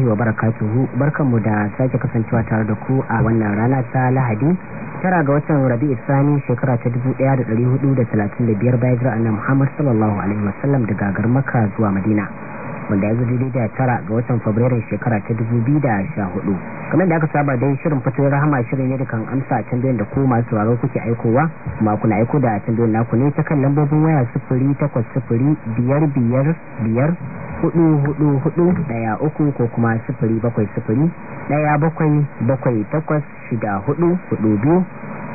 rahmatullahi wa barakatuhu mu da sake kasancewa tare da ku a wannan rana ta lahadi tara ga watan rabi'u shekara ta 1435 bayan jira annabi Muhammad sallallahu alaihi wasallam daga gar-makka zuwa Madina wanda ya zai da tara ga watan fabrairun shekara ta 2014 kamar da aka saba don shirin fatoyin rahama shirin ne da kan amsa a tambayin da ko masu tsoron kuke aikowa kuma kuna aiko da tambayin naku ne ta kan lambobin waya sufuri takwas sufuri biyar biyar biyar hudu hudu hudu daya uku ko kuma sifiri bakwai sifiri daya bakwai bakwai takwas shida hudu hudu biyu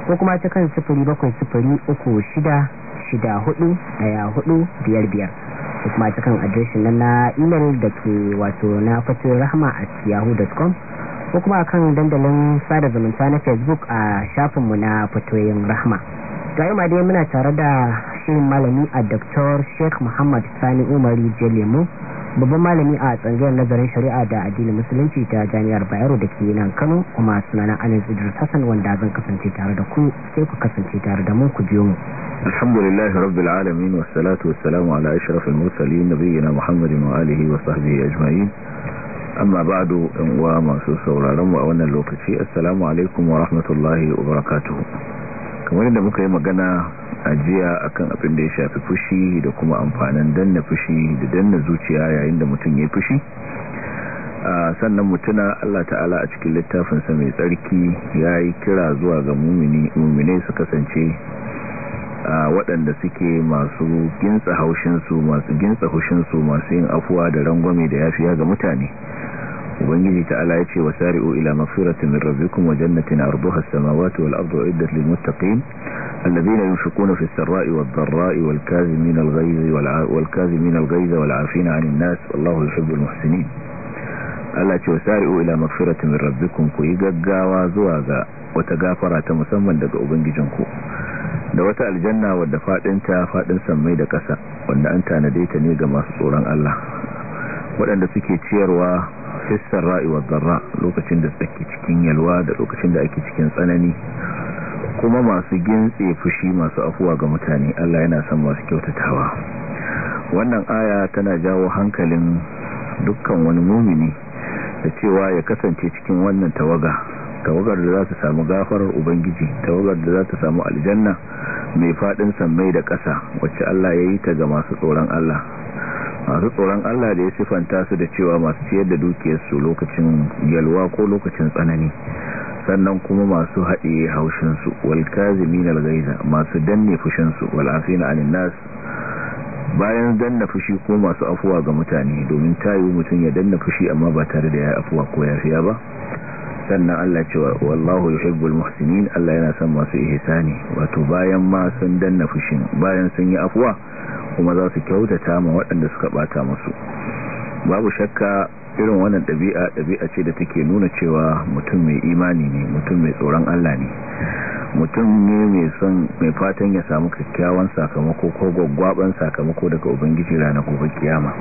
ko kuma ta kan sifiri bakwai sifiri uku shida shida hudu daya hudu biyar biyar ko kuma cikin adireshin nan na imel da ke wato na fatin rahama a yahoo.com ko kuma kan dandalin sada zumunta na facebook a shafinmu na fatoyin rahama ga yi dai muna tare da shirin malami a dr sheikh muhammad sani umaru jelemu babban malami a tsangayar nazarin shari'a da addinin musulunci ta jami'ar bayero da ke nan kano kuma sunana anis idris hassan wanda zan kasance tare da ku sai ku kasance tare da mu ku biyo mu alhamdulillah rabbil alamin wa salamu ala ashrafil mursalin nabiyina muhammadin wa alihi wa sahbihi ajma'in amma ba'du in uwa masu sauraron mu a wannan lokaci assalamu alaikum wa rahmatullahi wa barakatuh kamar da muka yi magana a jiya akan abin da ya shafi fushi da kuma amfanin danna fushi da danna zuciya yayin da mutum ya fushi sannan mutuna Allah ta'ala a cikin littafinsa mai tsarki ya yi kira zuwa ga mummine su kasance waɗanda suke masu ginsa haushinsu masu ginsa haushinsu masu yin afuwa da rangwame da yafiya ga mutane ubangiji ta'ala ya ce wa sari'u ila magfiratin min rabbikum wa jannatin arduha as-samawati wal ardu iddat lil muttaqin alladhina yunfiquna fis sarai wad dharai wal kazimin al ghayz wal kazimin al ghayz wal 'afina 'anil nas wallahu yuhibbul muhsinin Allah ce wa sari'u ila mafira min rabbikum ku yi gaggawa zuwa ga wata gafara ta musamman daga ku da wata aljanna wadda fadinta fadin sammai da ƙasa wanda an tanade ta ne ga masu tsoron Allah waɗanda suke ciyarwa fissar ra'i zarra lokacin da tsaki cikin yalwa da lokacin da ake cikin tsanani kuma masu gintse fushi masu afuwa ga mutane Allah yana son masu kyautatawa wannan aya tana jawo hankalin dukkan wani mumini da cewa ya kasance cikin wannan tawaga tawagar da za ta samu gafarar ubangiji tawagar da za ta samu aljanna mai fadin sammai da ƙasa wacce Allah ya yi ta ga masu tsoron Allah masu tsoron Allah da ya sifanta su da cewa masu ciyar da dukiyarsu lokacin yalwa ko lokacin tsanani sannan kuma masu haɗe haushinsu walkazimin algaiza masu danne fushinsu na anin nas bayan danna fushi ko masu afuwa ga mutane domin tayu mutum ya danna fushi amma ba tare da ya afuwa ko yafiya ba sannan Allah cewa wallahu yuhibbul muhsinin Allah yana son masu ihsani wato bayan ma sun danna fushin bayan sun yi afuwa kuma za su kyautata ma waɗanda suka bata musu babu shakka irin wannan ɗabi'a ɗabi'a ce da take nuna cewa mutum mai imani ne mutum mai tsoron Allah ne mutum ne mai son mai fatan ya samu kyakkyawan sakamako ko gwaggwaban sakamako daga ubangiji ranar gobe kiyama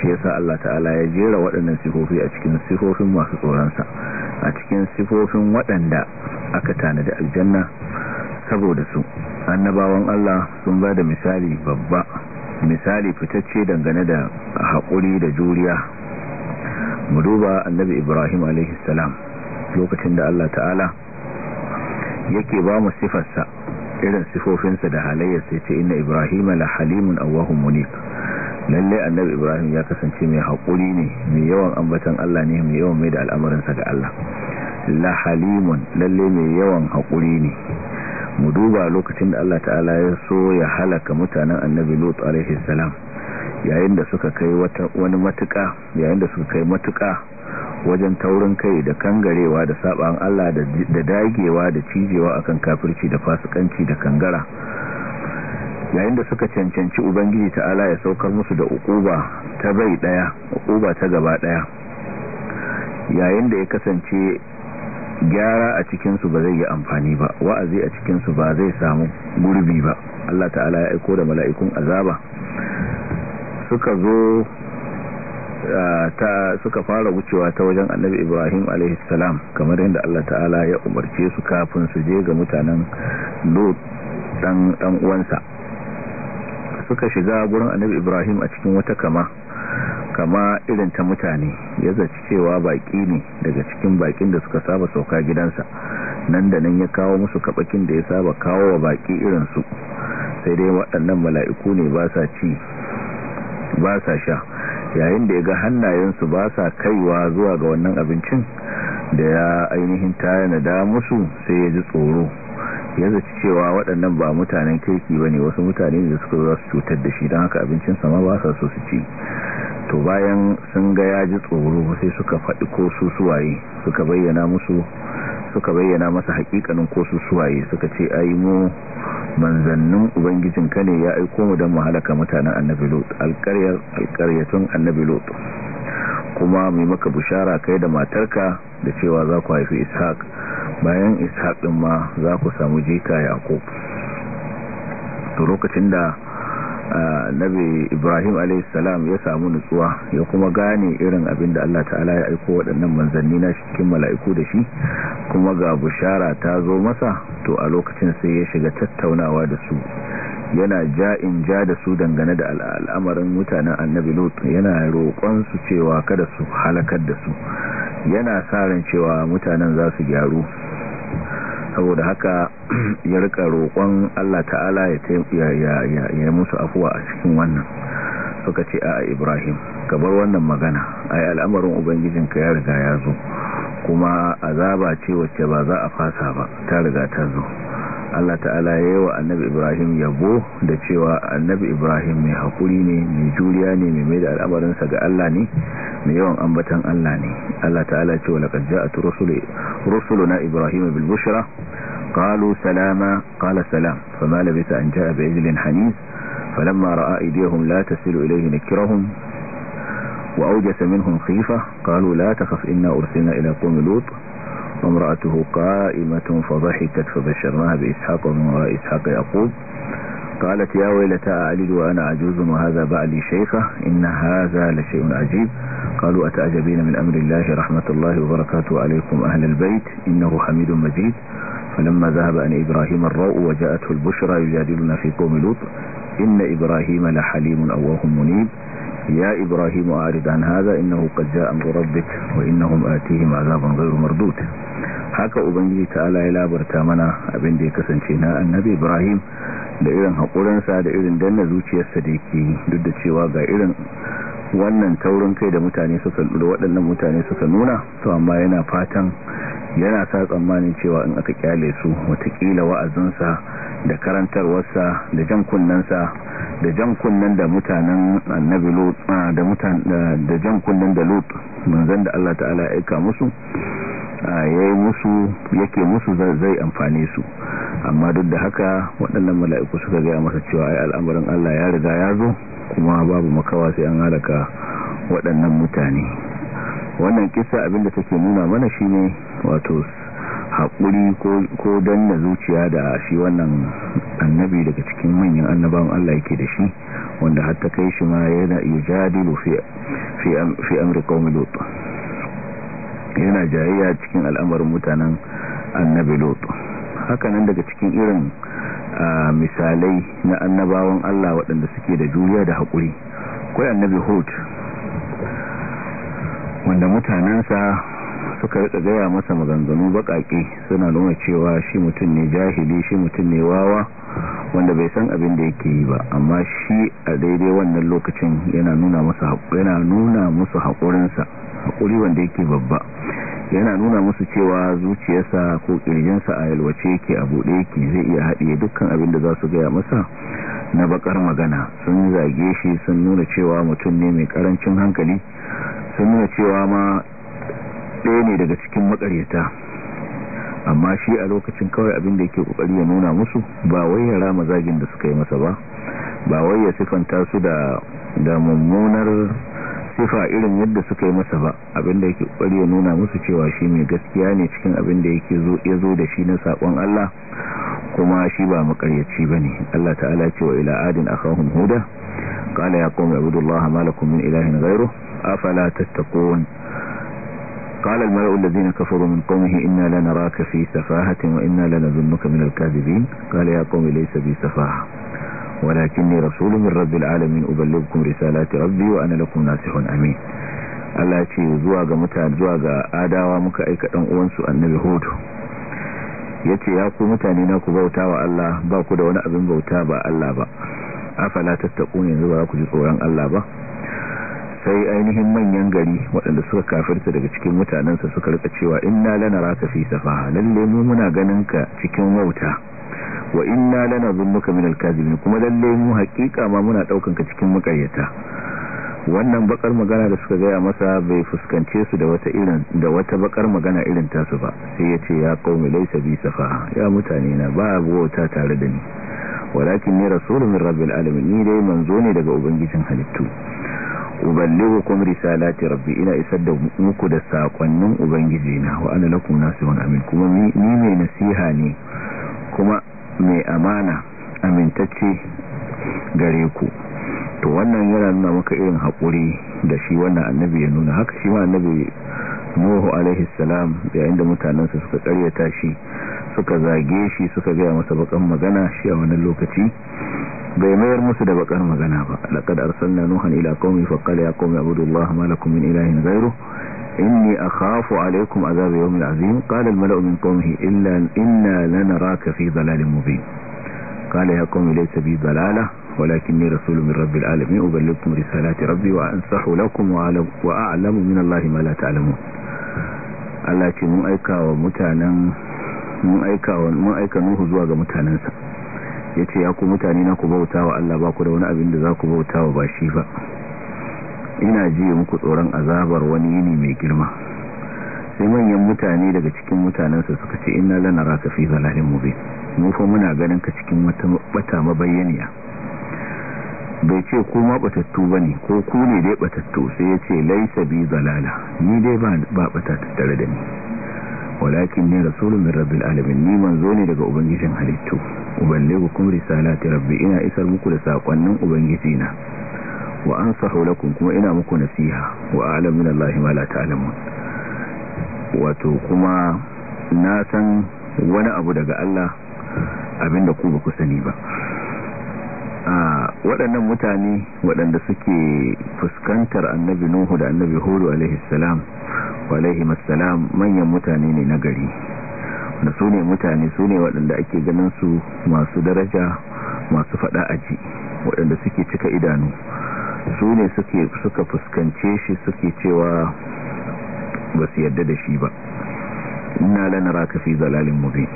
shi yasa Allah ta'ala ya jera waɗannan sifofi a cikin sifofin masu tsoronsa a cikin sifofin waɗanda aka tanadi aljanna saboda su annabawan Allah sun ba da misali babba misali fitacce dangane da haƙuri da juriya mu duba annabi Ibrahim alaihissalam lokacin da Allah ta'ala yake ba mu sifarsa irin sifofinsa da halayyar sai ce inna Ibrahim la halimun awahun munib lalle annabi Ibrahim ya kasance mai haƙuri ne mai yawan ambatan Allah ne mai yawan mai da al'amuransa ga Allah la halimun lalle mai yawan haƙuri ne mu duba lokacin da Allah ta'ala ya so ya halaka mutanen annabi lot alaihi salam yayin da suka kai wani matuƙa yayin da suka kai matuƙa wajen taurin kai da kangarewa da saban Allah da dagewa da cijewa akan kafirci da fasikanci da kangara yayin da suka cancanci ubangiji ta'ala ya saukar musu da ukuba ta bai daya ukuba ta gaba daya yayin da ya kasance gyara a cikinsu ba zai yi amfani ba wa'azi a cikinsu ba zai samu gurbi ba Allah ta'ala ya aiko da mala'ikun azaba suka zo ta suka fara wucewa ta wajen annabi ibrahim salam kamar yadda Allah ta'ala ya umarce su kafin su je ga mutanen lot dan uwansa suka shiga gurin annabi ibrahim a cikin wata kama kama irin ta mutane ya zaci cewa baki ne daga cikin baƙin da suka saba sauka gidansa nan da nan ya kawo musu kaɓakin da ya saba kawo wa baki su sai dai waɗannan mala'iku ne ba sa sha yayin da ya ga hannayensu ba sa kaiwa zuwa ga wannan abincin da ya ainihin tare na da musu sai ya ji tsoro ya zaci cewa waɗannan ba mutanen kirki ba ne wasu mutane da suka za su cutar da shi don haka abincinsa ma ba sa so su ci to bayan sun ga ya ji tsoro sai suka faɗi ko su suwaye suka bayyana musu suka bayyana masa haƙiƙanin ko su suwaye suka ce ai mu manzannin ubangijinka ne ya aiko mu don mu halaka mutanen annabi lot alƙaryar alƙaryatun annabi lot kuma mai maka bushara kai da matarka da cewa za ku haifi ishaq bayan ishaq ɗin ma za ku samu jika yaƙo to lokacin da nabi ibrahim alaihissalam ya samu nutsuwa ya kuma gane irin abin da allah ta'ala ya aiko waɗannan manzanni na cikin mala'iku da shi kuma ga bushara ta zo masa to a lokacin sai ya shiga tattaunawa da su yana ja'in ja da su dangane da al'amarin mutanen annabi lot yana roƙon su cewa kada su halakar da su yana sa ran cewa mutanen za su gyaru saboda haka ya rika roƙon Allah ta'ala ya yi musu afuwa a cikin wannan suka ce a ibrahim ka wannan magana yi al'amarin ubangijinka ya riga ya zo kuma azaba ce wacce ba za a fasa ba ta riga ta zo Allah ta'ala ya yi wa annabi Ibrahim yabo da cewa annabi Ibrahim mai haƙuri ne mai juriya ne mai mai da al'amarinsa ga Allah ne mai yawan ambatan Allah ne Allah ta'ala ce wa laqad ja'at rusuluna Ibrahim bil bushra qalu salama qala salam fama labisa an ja'a bi ijlin hanis falamma ra'a aydihim la tasilu ilayhi nakirahum وأوجس منهم خيفة قالوا لا تخف inna أرسلنا ila قوم lut وامرأته قائمة فضحكت فبشرناها بإسحاق ومن وراء إسحاق يعقوب قالت يا ويلتى أعلد وأنا عجوز وهذا بعلي شيخة إن هذا لشيء عجيب قالوا أتعجبين من أمر الله رحمة الله وبركاته عليكم أهل البيت إنه حميد مجيد فلما ذهب أن إبراهيم الروء وجاءته البشرى يجادلنا في قوم لوط إن إبراهيم لحليم أواه منيب ya ibrahim a'rid an hadha innahu qad ja'a amru rabbik wa innahum atihim azaban ghayru mardud haka ubangiji ta'ala ya labarta mana abin da ya kasance na annabi ibrahim da irin haƙurinsa da irin danna zuciyarsa da yake duk da cewa ga irin wannan taurin kai da mutane suka da waɗannan mutane suka nuna to amma yana fatan yana sa tsammanin cewa in aka kyale su watakila wa'azinsa da karantarwarsa da jan kunnensa da jan kunnen da mutanen annabi lut da mutan da jan kunnen da lut manzon da Allah ta'ala ya aika musu yayi musu yake musu zai amfane su amma duk da haka waɗannan mala'iku suka ga masa cewa ai al'amarin Allah ya riga ya zo kuma babu makawa sai an halaka waɗannan mutane wannan kisa abinda take nuna mana shine wato haƙuri ko danna zuciya da shi wannan annabi daga cikin manyan annabawan Allah yake da shi wanda hatta kai shi ma yana yujadilu fi amri qaumi yana jayayya cikin al'amarin mutanen annabi lotu hakanan daga cikin irin misalai na annabawan Allah waɗanda suke da juriya da haƙuri kwayan annabi hot wanda mutanensa suka rika gaya masa maganganu bakaki suna nuna cewa shi mutum ne jahili shi mutum ne wawa wanda bai san abin da yake yi ba amma shi a daidai wannan lokacin yana nuna musu yana nuna musu haƙurinsa haƙuri wanda yake babba yana nuna musu cewa zuciyarsa ko ƙirjinsa a yalwace yake a bude yake zai iya haɗiye dukkan abin da za su gaya masa na bakar magana sun zage shi sun nuna cewa mutum ne mai ƙarancin hankali sun nuna cewa ma ɗaya ne daga cikin makaryata amma shi a lokacin kawai abin da yake kokari ya nuna musu ba wai ya rama zagin da suka yi masa ba ba wai ya sifanta su da da mummunar sifa irin yadda suka yi masa ba abin da yake kokari ya nuna musu cewa shi mai gaskiya ne cikin abin da yake zo ya zo da shi na sakon Allah kuma shi ba makaryaci bane Allah ta'ala cewa ila adin akhahum huda qala ya qawmi ibudullaha ma lakum min ilahin ghayru afala tattaqun قال الملأ الذين كفروا من قومه إنا لنراك في سفاهة وإنا لنظنك من الكاذبين قال يا قوم ليس بي سفاهة ولكني رسول من رب العالمين أبلغكم رسالات ربي وأنا لكم ناسح أمين Allah ce zuwa ga mutane zuwa ga adawa muka aika dan uwansu annabi hudu yace ya ku mutane na ku bauta wa Allah ba ku da wani abin bauta ba Allah ba afala tattaqun yanzu ba ku ji tsoron Allah ba sai ainihin manyan gari waɗanda suka kafirta daga cikin mutanensa suka rika cewa inna raka fi safaha lalle mu muna ganin ka cikin wauta wa inna min minal ne kuma lalle mu hakika ma muna ɗaukan ka cikin muƙayyata wannan bakar magana da suka gaya masa bai fuskance su da wata irin da wata bakar magana irin tasu ba sai ya ce ya qaumi laysa bi safaha ya mutane na ba wauta tare da ni walakin ni rasulun min rabbil alamin ni dai manzo ne daga ubangijin halittu risala risalati rabbi ina isar da muku da sakonnin ubangiji na wa ana lakum nasihun amin kuma ni mai nasiha ne kuma mai amana amintacce gare ku to wannan yana nuna maka irin haƙuri da shi wannan annabi ya nuna haka shi ma annabi nuhu alaihi salam yayin da mutanensa suka karyata shi suka zage shi suka gaya masa bakan magana shi a wannan lokaci bai mayar musu da bakar magana ba laqad arsalna nuhan ila qaumi fa qala ya qaumi ibudullaha ma lakum min ilahin ghayru inni akhafu alaykum azab yawmin azim qala al mala'u min qaumihi illa inna lanaraka fi dhalalin mubin qala ya qaumi laysa bi dhalalah walakinni rasulun min rabbil alamin uballighukum risalati rabbi wa ansahu lakum a'lamu min allahi ma Allah ce mun aika wa mutanen mun aika wa mun aika nuhu zuwa ga mutanansa yace ya ku mutane na ku bauta wa Allah ba ku da wani abin da za ku bauta wa ba shi ba ina ji muku tsoron azabar wani yini mai girma sai manyan mutane daga cikin mutanensa suka ce inna lana raka fi zalalin mubin mu fa muna ganin ka cikin wata bata mabayyaniya bai ce kuma batattu ba ne ko ku ne dai batattu sai ya ce laisa bi zalala ni dai ba batattu tare da ni walakin ne rasulun min rabbil alamin ni manzo ne daga ubangijin halittu uballighu kum risalati rabbi ina isar muku da sakonnin ubangiji na wa ansahu lakum kuma ina muku nasiha wa a'lamu min ma la ta'lamun wato kuma na san wani abu daga Allah abinda ku ba ku sani ba waɗannan mutane waɗanda suke fuskantar annabi nuhu da annabi hudu alaihissalam alaihimassalam manyan mutane ne na gari wanda su ne mutane su ne waɗanda ake ganin su masu daraja masu faɗa aji waɗanda suke cika idanu su ne suka fuskance shi suke cewa ba su yadda da shi ba ina lanara ka fi zalalin mube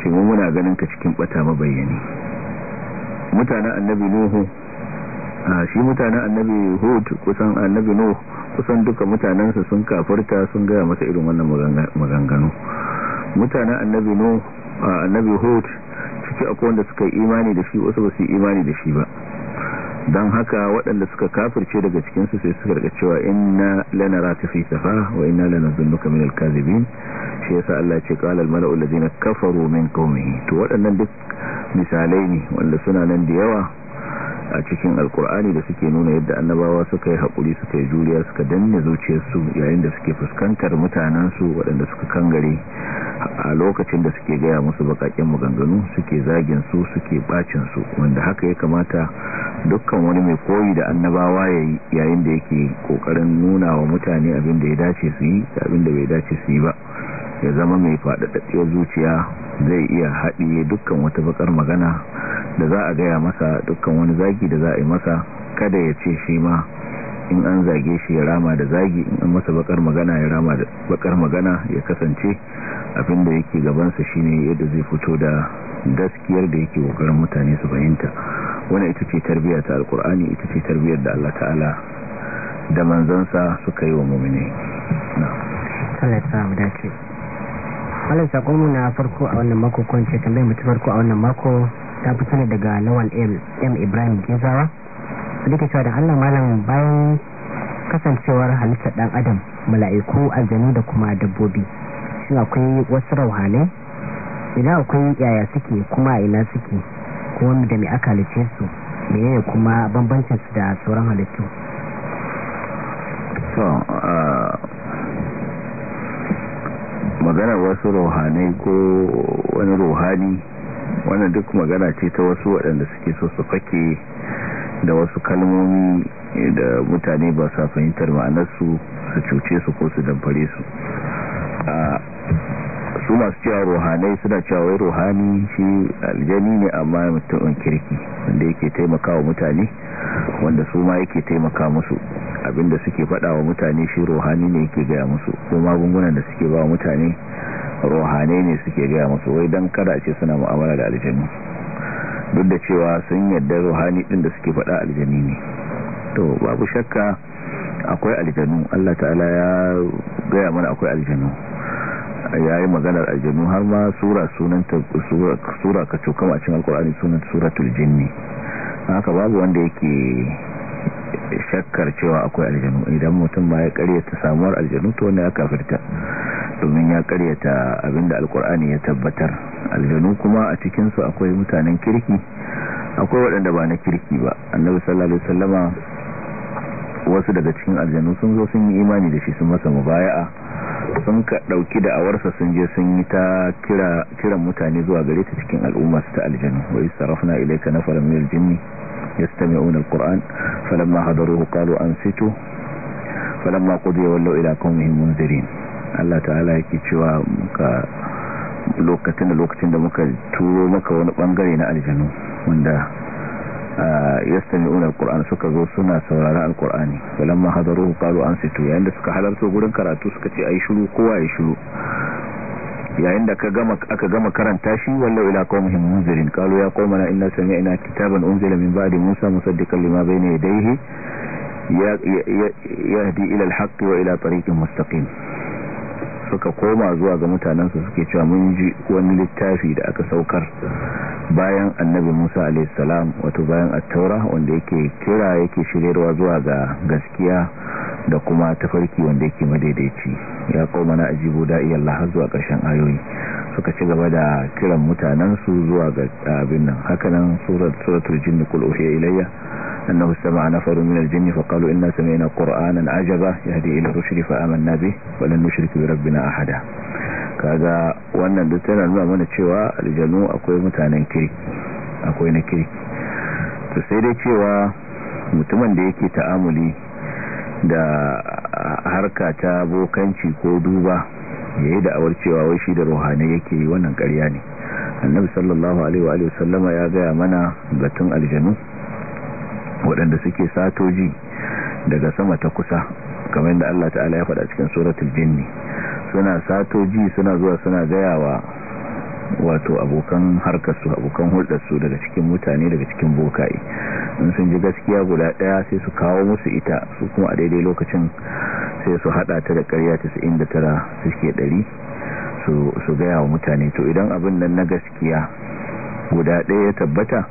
shi muna ganin ka cikin ɓata mabayyani mutanen annabi nuhu shi mutanen annabi hud kusan annabi nuhu kusan duka mutanensa sun kafarta sun gaya masa irin wannan maganganu mutanen annabi nuhu annabi hud ciki akwai wanda suka yi imani da shi wasu ba su yi imani da shi ba don haka waɗanda suka kafirce daga cikinsu sai suka rika cewa inna lana raka fi safa wa inna lana zunnuka min alkazibin shi yasa Allah ce qala almala'u allazina kafaro min qaumihi to waɗannan duk misalai ne wanda suna nan da yawa a cikin alkur'ani da suke nuna yadda annabawa suka yi haƙuri suka yi juriya suka danne zuciyarsu yayin da suke fuskantar mutanensu waɗanda suka kangare a lokacin da suke gaya musu baƙaƙen maganganu suke zagin su suke ɓacin su wanda haka ya kamata dukkan wani mai koyi da annabawa yayin da yake ƙoƙarin nuna wa mutane abin da ya dace su yi da abin da bai dace su yi ba ya zama mai faɗaɗaɗɗiyar zuciya zai iya haɗiye dukkan wata bakar magana da za a gaya masa dukkan wani zagi da za a yi masa kada ya ce shi ma in an zage shi ya rama da zagi in an masa bakar magana ya rama da bakar magana ya kasance da yake gabansa shine yadda zai fito da gaskiyar da yake kokarin mutane su fahimta wani ita ce tarbiyyar ta alkur'ani ita ce tarbiyyar da Allah ta'ala da manzansa suka yi wa mu'mini malar sakonmu na farko a wannan mako kwanci tambayar mutu farko a wannan mako ta fito ne daga lawal m ibrahim gezawa su duka cewa da allah malam bayan kasancewar halittar dan adam mala'iku aljanu da kuma dabbobi shin akwai wasu rauhanai ina akwai yaya suke kuma ina suke kuma da mai aka halice su da yaya kuma bambancin su da sauran halittu ah, magana wasu rohanai ko wani rohani wannan duk magana ce ta wasu waɗanda suke so su fake da wasu kalmomi da mutane ba sa fahimtar ma'anarsu su cuce su ko su damfare su ah, su masu cewa ruhanai suna cewa wai ruhani shi aljani ne amma mutumin kirki wanda yake wa mutane wanda su ma yake taimaka musu abinda suke faɗa wa mutane shi ruhani ne yake gaya musu ko magungunan da suke ba mutane ruhanai ne suke gaya musu wai don kada ce suna mu'amala da aljani duk da cewa sun yadda ruhani ɗin da suke faɗa aljani ne to babu shakka akwai aljanu Allah ta'ala ya gaya mana akwai aljanu ya yi maganar aljanu har ma sura sunanta sura sura ka a cikin alkur'ani sunanta suratul jinni haka babu wanda yake shakkar cewa akwai aljanu idan mutum ma ya karyata samuwar aljanu to wani ya kafirta domin ya karyata abinda alkur'ani ya tabbatar aljanu kuma a cikinsu akwai mutanen kirki akwai waɗanda ba na kirki ba annabi sallallahu alaihi wasallama wasu daga cikin aljanu sun zo sun yi imani da shi sun masa mubaya'a sun ka dauki da awarsa sun je sun yi ta kira kiran mutane zuwa gare ta cikin al'umma ta aljanna wa yusarrafna ilayka nafaran min aljinni yastami'una alquran falamma hadaruhu qalu ansitu falamma qudiya wallu ila qaumihim munzirin Allah ta'ala yake cewa ka lokacin da lokacin da muka turo maka wani bangare na aljanu wanda yastami'una alquran suka zo suna saurara alqurani falamma hadaruhu qalu ansitu yayin da suka halarto gurin karatu suka ce ai shiru kowa ya shiru yayin da aka gama karanta shi wallahi ila qaumihim munzirin qalu ya qaumana inna sami'na kitaban unzila min ba'di musa musaddiqan lima bayna yadayhi yahdi ila alhaqqi wa ila tariqin mustaqim suka koma zuwa ga mutanensu suke cewa mun ji wani littafi da aka saukar bayan annabi musa alaihissalam wato bayan attaura wanda yake kira yake shiryarwa zuwa ga gaskiya da kuma tafarki wanda yake madaidaici ya koma na ajibu da'iyar Allah har zuwa ƙarshen ayoyi suka ci gaba da kiran mutanensu zuwa ga abin nan hakanan suratul jinni qul uhiya ilayya أنه استمع نفر من الجن فقالوا إنا سمعنا قرآنا عجبا يهدي إلى الرشد فآمنا به ولن نشرك بربنا أحدا kaga wannan duk tana nuna mana cewa aljanu akwai mutanen kiri akwai na kiri to sai dai cewa mutumin da yake ta'amuli da harka ta bokanci ko duba yayi da awar cewa wai shi da ruhani yake yi wannan ƙarya ne annabi sallallahu alaihi wa sallama ya gaya mana batun aljanu waɗanda suke satoji daga sama ta kusa kamar yadda Allah ta'ala ya faɗa cikin suratul jinni suna satoji suna zuwa suna gayawa wato abokan harkarsu abokan su daga cikin mutane daga cikin bokaye in sun ji gaskiya guda ɗaya sai su kawo musu ita su kuma a daidai lokacin sai su haɗa ta da ƙarya 99 suke ɗari su gaya wa mutane to idan abin nan na gaskiya guda ɗaya ya tabbata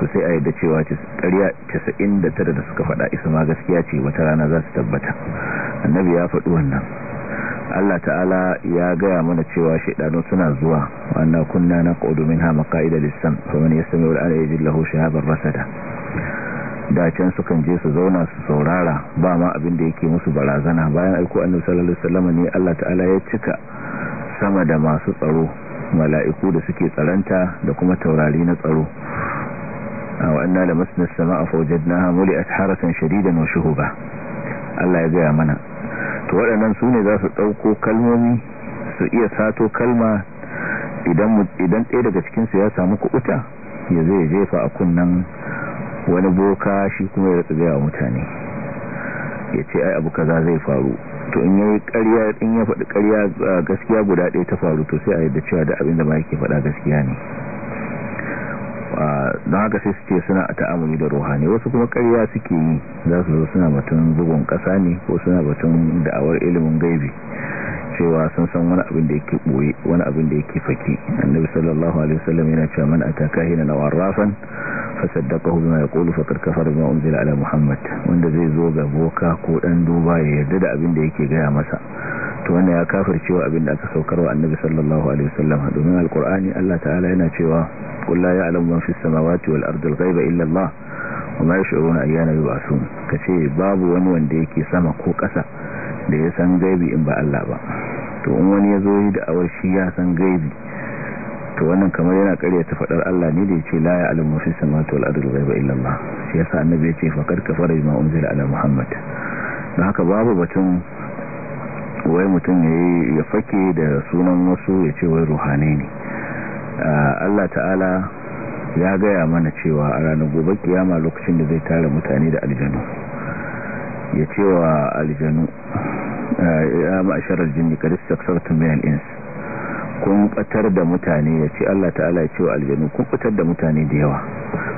to sai a yadda cewa ƙarya 99 da suka faɗa isa ma gaskiya ce wata rana za su tabbata annabi ya faɗi wannan Allah ta'ala ya gaya mana cewa shaidanu suna zuwa wannan kunna na ƙudu min ha maka'ida lissan ya sami wani ala ji lahu shahabar rasa da su kan je su zauna su saurara ba ma abin da yake musu barazana bayan aiko annabi sallallahu alaihi ne Allah ta'ala ya cika sama da masu tsaro mala'iku da suke tsaranta da kuma taurari na tsaro wa anna sama as-samaa fawajadnaha muli'at harasan shadidan wa shuhuba Allah ya gaya mana to waɗannan sune ne za su ɗauko kalmomi su iya sato kalma idan ɗaya daga cikinsu ya samu kuɓuta ya zai jefa a kunnan wani boka shi kuma ya tsaye wa mutane ya ce ai abu kaza zai faru to in yayi ƙarya in ya faɗi ƙarya gaskiya guda ɗaya ta faru to sai a yadda cewa da abin da ba yake faɗa gaskiya ne don haka sai suke suna a ta'amuli da ruhani wasu kuma karya suke yi za su zo suna batun bugun ƙasa ne ko suna batun da'awar ilimin gaibi cewa sun san wani abin da yake ɓoye wani abin da yake faki annabi sallallahu alaihi wasallam yana cewa man ataka hina nawarrafan fasaddaqahu bima yaqulu faqad kafara bima unzila ala muhammad wanda zai zo ga boka ko dan duba ya yarda da abin da yake gaya masa to wanda ya kafircewa abin da aka saukar wa annabi sallallahu alaihi wasallam domin alqur'ani Allah ta'ala yana cewa qul la ya'lamu man fis samawati wal ardi al-ghaiba illa Allah wa ma yash'uruna ayyana yub'asun kace babu wani wanda yake sama ko ƙasa da ya san gaibi in ba Allah ba to in wani ya zo yi da awar shi ya san gaibi to wannan kamar yana karyata ta faɗar Allah ne da ya ce la ya alamu fis samatu wal ardi ghaiba illa Allah shi yasa annabi ya ce faqad kafara bima unzila ala muhammad dan haka babu batun wai mutum ya fake da sunan wasu ya ce wai ruhane ne Allah ta'ala ya gaya mana cewa a ranar gobe kiyama lokacin da zai tara mutane da aljanu ya ce wa aljanu ya ma'asharar jini kadis saksartun min al'ins kun batar da mutane ya ce Allah ta'ala ya ce wa aljanu kun batar da mutane da yawa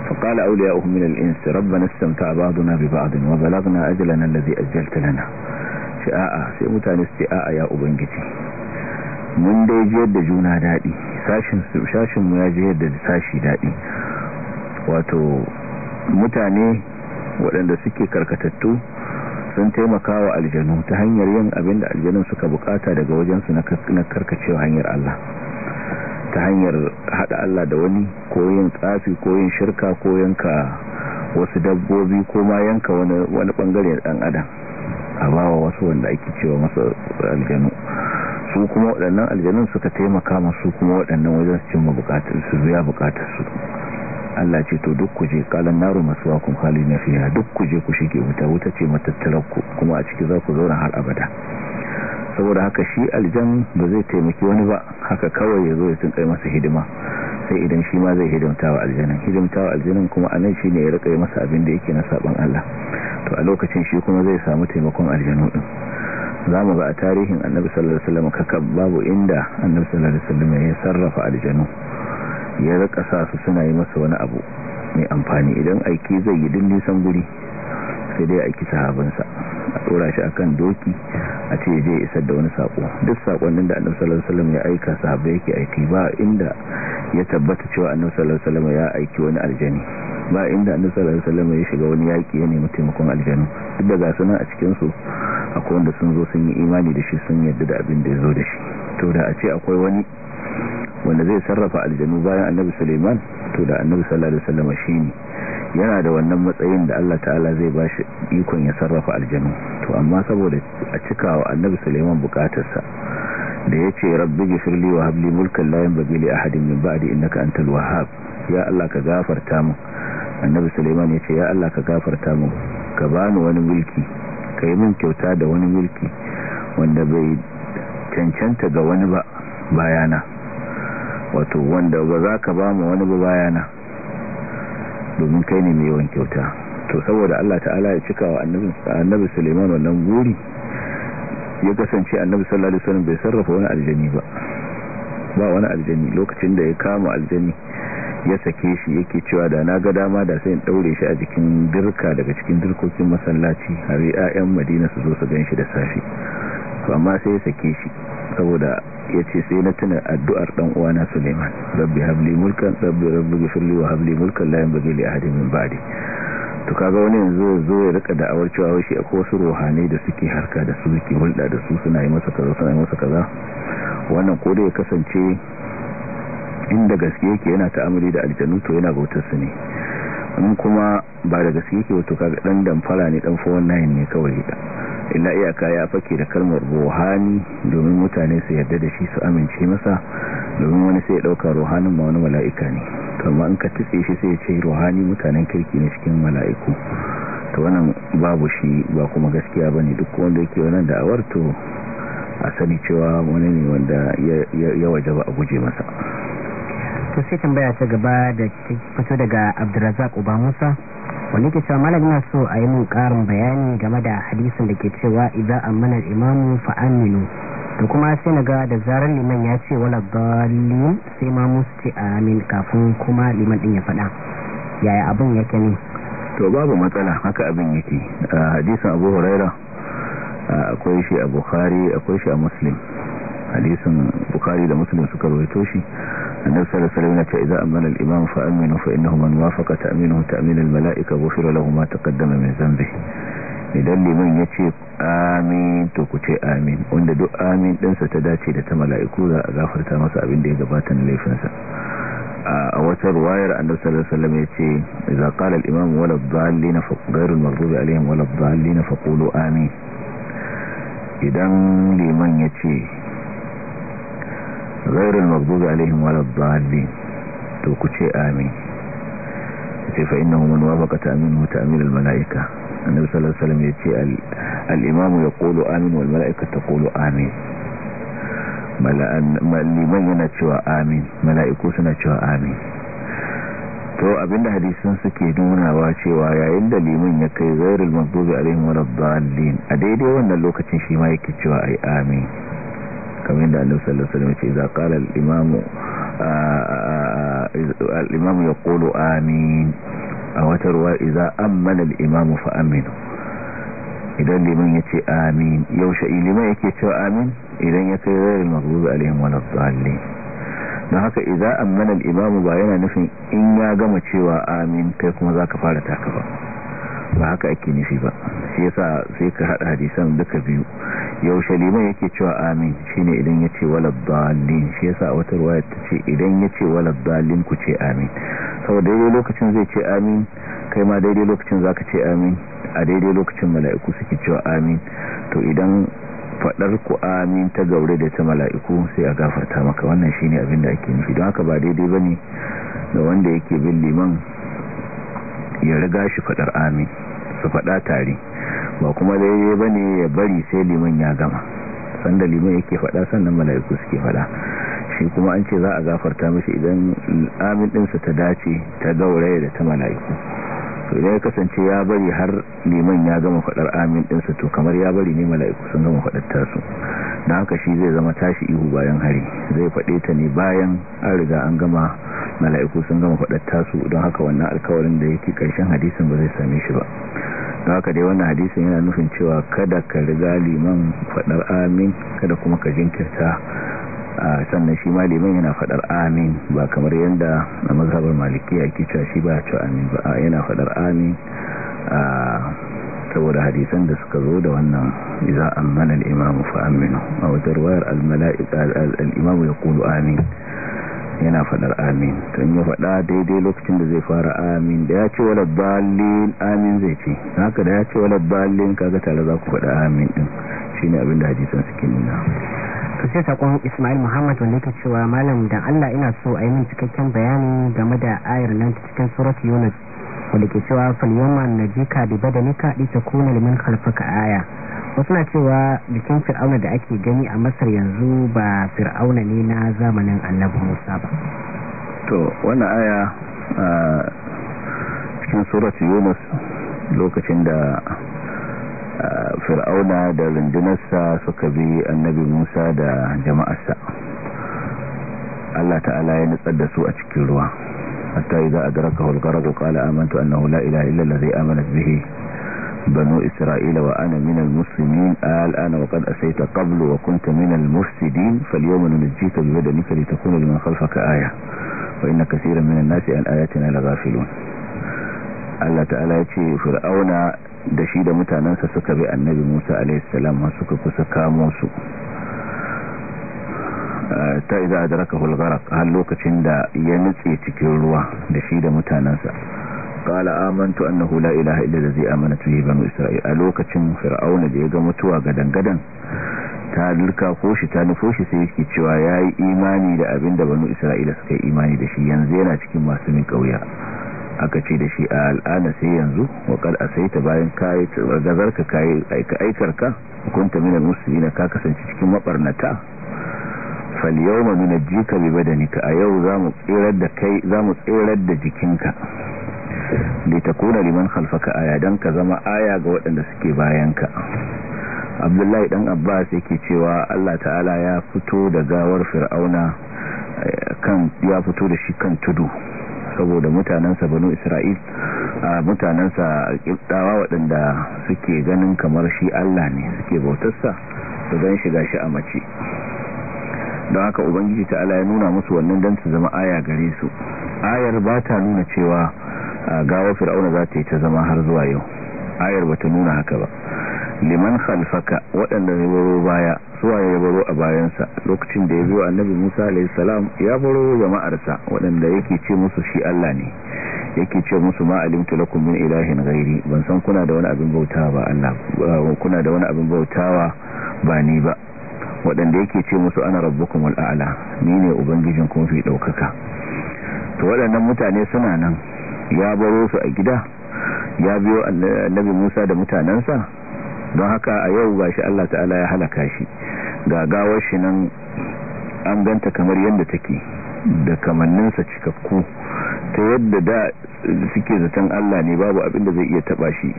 faƙala auliya uhu min rabba rabbana samta ba'duna bi ba'din wa balagna ajalana zai ajjalta lana ce a'a sai mutane su ce a'a ya ubangiji mun dai ji yadda juna daɗi sashin mu ya ji yadda sashi daɗi wato mutane waɗanda suke karkatattu sun taimaka wa aljanu ta hanyar yin abin da aljanun suka bukata daga wajen wajensu na karkacewa hanyar Allah ta hanyar haɗa Allah da wani ko yin tsafi ko shirka ko yanka wasu dabbobi ko ma yanka wani ɓangare ɗan adam a bawa wasu wanda ake cewa masa aljanu su kuma waɗannan aljanun suka taimaka masu kuma waɗannan wajen su cimma bukatar su bukatar su Allah ce to duk kuje kalan naru hali na fiha duk kuje ku shige wuta wuta ce matattarar ku kuma a ciki za ku zauna har abada saboda haka shi aljan ba zai taimaki wani ba haka kawai ya zo ya tun kai masa hidima sai idan shi ma zai hidimta wa aljanin hidimta wa aljanin kuma anan shi ne ya rika masa abin da yake na saban Allah to a lokacin shi kuma zai samu taimakon aljanu din za mu ga a tarihin annabi sallallahu alaihi wasallam babu inda annabi sallallahu alaihi wasallam ya sarrafa aljanu ya rika sa su suna yi masa wani abu mai amfani idan aiki zai yi din nisan guri sai dai aiki sahabinsa a tura shi kan doki a ce je isar da wani saƙo duk sakonnin da annabu salam ya aika sahabai yake aiki ba inda ya tabbata cewa annabi ya aiki wani aljani ba inda annabu salam ya shiga wani yaƙi ya nemi taimakon aljanu duk da ga suna a cikinsu su akwai wanda sun zo sun yi imani da shi sun yarda da abin da ya zo da shi to da a ce akwai wani wanda zai sarrafa aljanu bayan annabi suleiman to da annabi sallallahu alaihi wasallam shine yana da wannan matsayin da Allah ta'ala zai ba shi ikon ya sarrafa aljanu to amma saboda a cikawa annabi suleiman bukatarsa da ya ce rabbi gifirli wa habli mulkan layan babili li ahadin min ba'di innaka antal wahhab ya Allah ka gafarta mu annabi suleiman ya ce ya Allah ka gafarta mu ka bani wani mulki ka yi min kyauta da wani mulki wanda bai cancanta ga wani ba bayana wato wanda ba za ka ba mu wani ba bayana domin kai ne mai yawan kyauta to saboda Allah ta'ala ya cika wa annabi Suleiman wannan guri ya kasance annabi sallallahu alaihi wasallam bai sarrafa wani aljani ba ba wani aljani lokacin da ya kama aljani ya sake shi yake cewa da na ga dama da sai in daure shi a jikin dirka daga cikin dirkokin masallaci har 'ya'yan Madina su zo su gan shi da safi amma sai ya sake shi saboda ya ce sai na tuna addu'ar ɗan uwana suleiman rabbi habli mulkan rabbi rabbi gifirli wa hamli mulkan layan bagi li ahadin min baɗi to kaga wani yanzu zo ya rika awar cewa wai shi wasu ruhanai da suke harka da su suke hulɗa da su suna yi masa kaza suna yi masa kaza wannan ko da ya kasance inda gaske yake yana ta'amuli da aljanu to yana bautar su ne in kuma ba da gaske yake wato kaga dan damfara ne dan 419 ne kawai illa iyaka ya fake da kalmar ruhani domin mutane su yarda da shi su amince masa domin wani sai ya dauka ruhanin ma wani mala'ika ne amma in ka tutse shi sai ya ce ruhani mutanen kirki ne cikin mala'iku to wannan babu shi ba kuma gaskiya bane duk wanda yake wannan da to a sani cewa wani ne wanda ya waje ba a guje masa to sai tambaya ta gaba da fito daga abdurazak uba musa wani ke cewa malam na so a yi mun karin bayani game da hadisin da ke cewa idan amana imamu fa aminu to kuma sai na ga da zarar liman ya ce wala dalil sai ma musu ce amin kafin kuma liman din ya faɗa yaya abin yake ne to babu matsala haka abin yake hadisin abu huraira akwai shi a bukhari akwai shi a muslim hadisin bukhari da muslim suka rawaito shi annabi sallallahu ya ce idza amana al-imam fa aminu fa innahu man wafaqa ta'minuhu ta'min al-mala'ika ghufira lahu ma taqaddama min dhanbihi idan liman ya ce amin to ku ce amin wanda duk amin ɗinsa ta dace da ta mala'iku za a gafarta masa abin da ya gabata na laifinsa a wata ruwayar annabi sallallahu alaihi wasallam yace idza qala al-imam wala dhallin fa ghayr al-maghdubi alaihim wala amin idan liman yace ghairul maghdubi alaihim waladdallin to ku ce amin ce fa innahu man wafaqata aminu ta'min al malaika annabi sallallahu alaihi wasallam yace al imam yaqulu amin wal amin liman yana cewa amin mala'iku suna cewa amin to abinda hadisin suke nunawa cewa yayin da liman ya kai zairul maghdubi alaihim waladdallin a daidai wannan lokacin shi ma yake cewa ai amin kamar yadda Allah sallallahu alaihi wasallam ya ce za qala al imamu al imamu yaqulu amin a wata ruwa idza amana al imamu fa aminu idan liman yace amin yau yaushe liman yake cewa amin idan ya kai rayar maghdubi alaihim wa nadhdallin don haka idza amana al imamu ba yana nufin in ya gama cewa amin kai kuma zaka fara taka ba ba haka ake nufi ba shi yasa sai ka hada hadisan duka biyu yaushe liman yake cewa amin shine idan yace waladdallin shi yasa wata riwaya tace idan yace balin ku ce amin saboda daidai lokacin zai ce amin kai ma daidai lokacin zaka ce amin a daidai lokacin mala'iku suke cewa amin to idan fadar ku amin ta gaure da ta mala'iku sai a gafarta maka wannan shine abin da ake nufi don haka ba daidai bane da wanda yake bin liman ya riga shi fadar amin su fada tare ba kuma daidai ba ne ya bari sai liman ya gama sanda liman yake fada sannan mala'iku suke fada shi kuma an ce za a gafarta mashi idan amin ɗinsa ta dace ta gauraya da ta mala'iku to idan ya kasance ya bari har liman ya gama faɗar amin ɗinsa to kamar ya bari ne mala'iku sun gama faɗar tasu na haka shi zai zama tashi ihu bayan hari zai faɗe ta ne bayan an riga an gama mala'iku sun gama faɗar tasu don haka wannan alkawarin da yake karshen hadisin ba zai same shi ba don haka dai wannan hadisin yana nufin cewa kada ka riga liman faɗar amin kada kuma ka jinkirta a sannan shi ma liman yana fadar amin ba kamar yadda na mazhabar malikiya ke cewa shi ba cewa amin ba yana fadar amin saboda hadisan da suka zo da wannan iza a al-imamu aminu a wata ruwayar al ya kulu amin yana fadar amin ta yi ya fada daidai lokacin da zai fara amin da ya ce wala balin amin zai ce haka da ya ce wala balin kaga tare za ku fada amin din shine abin da hadisan suke nuna to sai sakon Ismail Muhammad wanda yake cewa malam dan Allah ina so a yi min cikakken bayani game da ayar nan cikin surat Yunus wanda ke cewa fal yawma najika bi badalika li takuna liman khalfaka aya wasu na cewa bikin fir'auna da ake gani a Masar yanzu ba fir'auna ne na zamanin Annabi Musa ba to wannan aya ah, cikin surat Yunus lokacin da fir'auna da rundunarsa suka bi annabi musa da jama'arsa Allah ta'ala ya nutsar da su a cikin ruwa hatta idza adrakahu al-gharq qala amantu annahu la ilaha illa alladhi amanat bihi banu isra'ila wa ana min al-muslimin al-ana wa qad asayta qablu wa kunta min al-mufsidin falyawma nunjika bi badanika litakuna liman khalfaka aya wa inna kaseeran min an-nasi an ayatina laghafilun Allah ta'ala ya ce fir'auna da shi da mutanensa suka bi annabi musa alaihissalam suka kusa kamo su eh, ta iza da raka hulgarar har lokacin da ya nutse cikin ruwa da shi da mutanensa kala amantu annahu la ilaha illa allazi amana bihi banu isra'il a lokacin fir'auna da ya ga mutuwa gadangadan ta lurka ko shi ta nufo shi sai yake cewa yayi imani da abin da banu isra'ila suka yi imani da shi yanzu yana cikin masu min kauya aka ce da shi a al'ana sai yanzu wakar a sai ta bayan kayi ka kayi aikarka kunta minar musulmi na ka kasance cikin maɓarnata falyawma nunajjika bi badanika a yau ka a da za zamu tserar da jikinka ta takuna liman halfaka aya dan ka zama aya ga waɗanda suke bayan ka Abdullahi dan Abbas yake cewa Allah ta'ala ya fito da gawar Fir'auna eh, kan ya fito da shi kan tudu saboda mutanensa banu isra'il mutanensa kiftawa waɗanda suke ganin kamar shi allah ne suke bautarsa su gan shiga shi a mace don haka ubangiji ta ala ya nuna musu wannan don su zama aya gare su ayar ba ta nuna cewa gawa fir'auna za ta yi ta zama har zuwa yau ayar ba ta nuna haka ba liman khalfaka waɗanda ya baro baya suwa ya baro a bayansa lokacin da ya biyo annabi musa salam ya baro jama'arsa waɗanda yake ce musu shi allah ne yake ce musu ma alimtu lakum min ilahin ghairi ban san kuna da wani abin bauta ba allah kuna da wani abin bautawa ba ni ba waɗanda yake ce musu ana rabbukum al'ala ni ne ubangijin kun fi ɗaukaka to waɗannan mutane suna nan ya baro su a gida ya biyo annabi musa da mutanensa don haka a yau shi Allah ta'ala ya halaka shi ga gawar shi nan an ganta kamar yadda take da kamanninsa cikakku ta yadda da suke zaton Allah ne babu abinda zai iya taba shi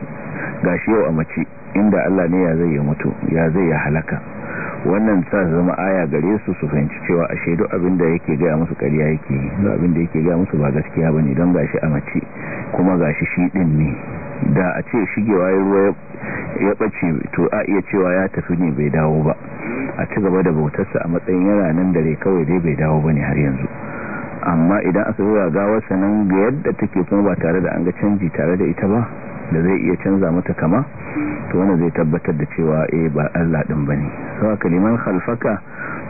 ga shi yau a mace inda Allah ne ya zai ya mutu ya zai ya halaka wannan sa zama aya gare su su fahimci cewa a shaidu abin yake gaya musu ƙarya yake abin da yake gaya musu ba gaskiya ba ne don gashi a mace kuma gashi shi ɗin ne da a ce shigewa ruwa ya ɓace to a iya cewa ya tafi ne bai dawo ba a ci gaba da bautarsa a matsayin yana nan dare kawai dai bai dawo ba ne har yanzu amma idan aka zo gawar sanan ga yadda take kuma ba tare da an ga canji tare da ita ba da zai iya canza mata kama to wani zai tabbatar da cewa eh ba Allah din bane sawa kaliman khalfaka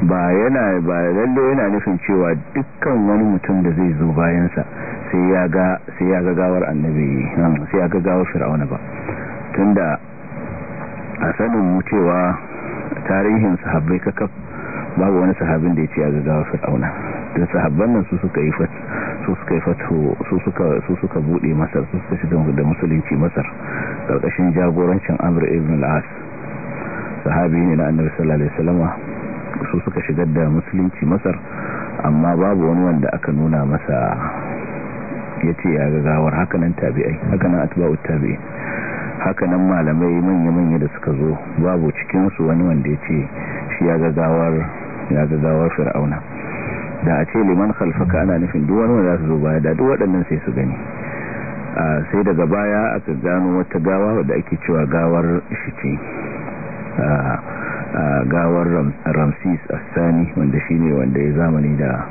ba yana ba lalle yana nufin cewa dukkan wani mutum da zai zo bayansa sai ya ga sai ya ga gawar annabi um, sai ya ga gawar fir'auna ba tunda a sanin mu cewa tarihin sahabbai kaka babu wani sahabin da ya ce ya ga gawar fir'auna da sahabban nan su suka yi fat su suka yi fato su suka su suka bude masar su suka shiga da musulunci masar karkashin jagorancin amr ibn al-as sahabi ne na annabi sallallahu alaihi wasallam su suka shigar da musulunci masar amma babu wani wanda aka nuna masa ya ce ya gagawar hakanan tabi'ai hakanan atba'ut tabi'ai hakanan malamai manya-manya da suka zo babu cikinsu wani wanda ya ce shi ya gagawar fir'auna da a ce liman kalfaka ana nufin duk wani wanda su zo baya da duk waɗannan sai su gani sai daga baya aka gano wata gawa wadda ake cewa gawar shi ce a gawar ramses assani wanda shi ne wanda ya zamani da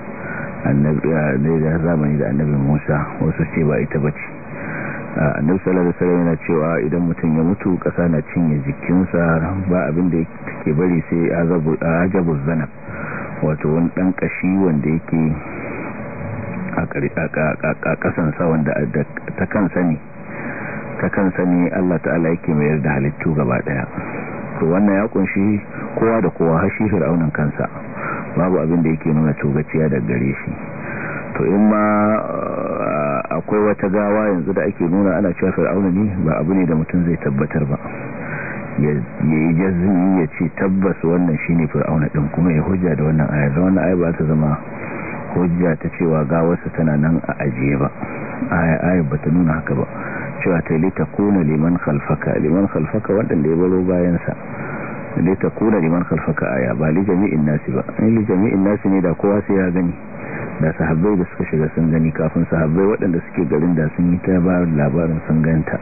annabi musa wasu ce ba ita bace annabi sallallahu yana cewa idan mutum ya mutu kasa na cinye jikinsa ba abin da ke bari sai ajabu zana wato wani dan kashi wanda yake a kasansa wanda ta kansa ne ta kansa ne Allah ta'ala yake mayar da halittu gaba daya to wannan ya kunshi kowa da kowa har shi fir'aunan kansa babu abin da yake nuna togaciya da gare shi to in ma uh, akwai wata gawa yanzu da ake nuna ana cewa fir'auna ne ba abu ne da mutum zai tabbatar ba ya yi jazzi ya ce tabbas wannan shi ne fir'auna ɗin kuma ya hujja da wannan aya zama wannan aya ba ta zama hujja ta cewa gawarsa tana nan a ajiye ba ayar ba ta nuna haka ba cewa ta lita kuna liman khalfaka liman khalfaka waɗanda ya baro bayansa lita kuna liman khalfaka aya ba li jami'in nasi ba li jami'in nasi ne da kowa sai ya gani da sahabbai da suka shiga sun gani kafin sahabbai waɗanda suke garin da sun yi ta bayar labarin sun ganta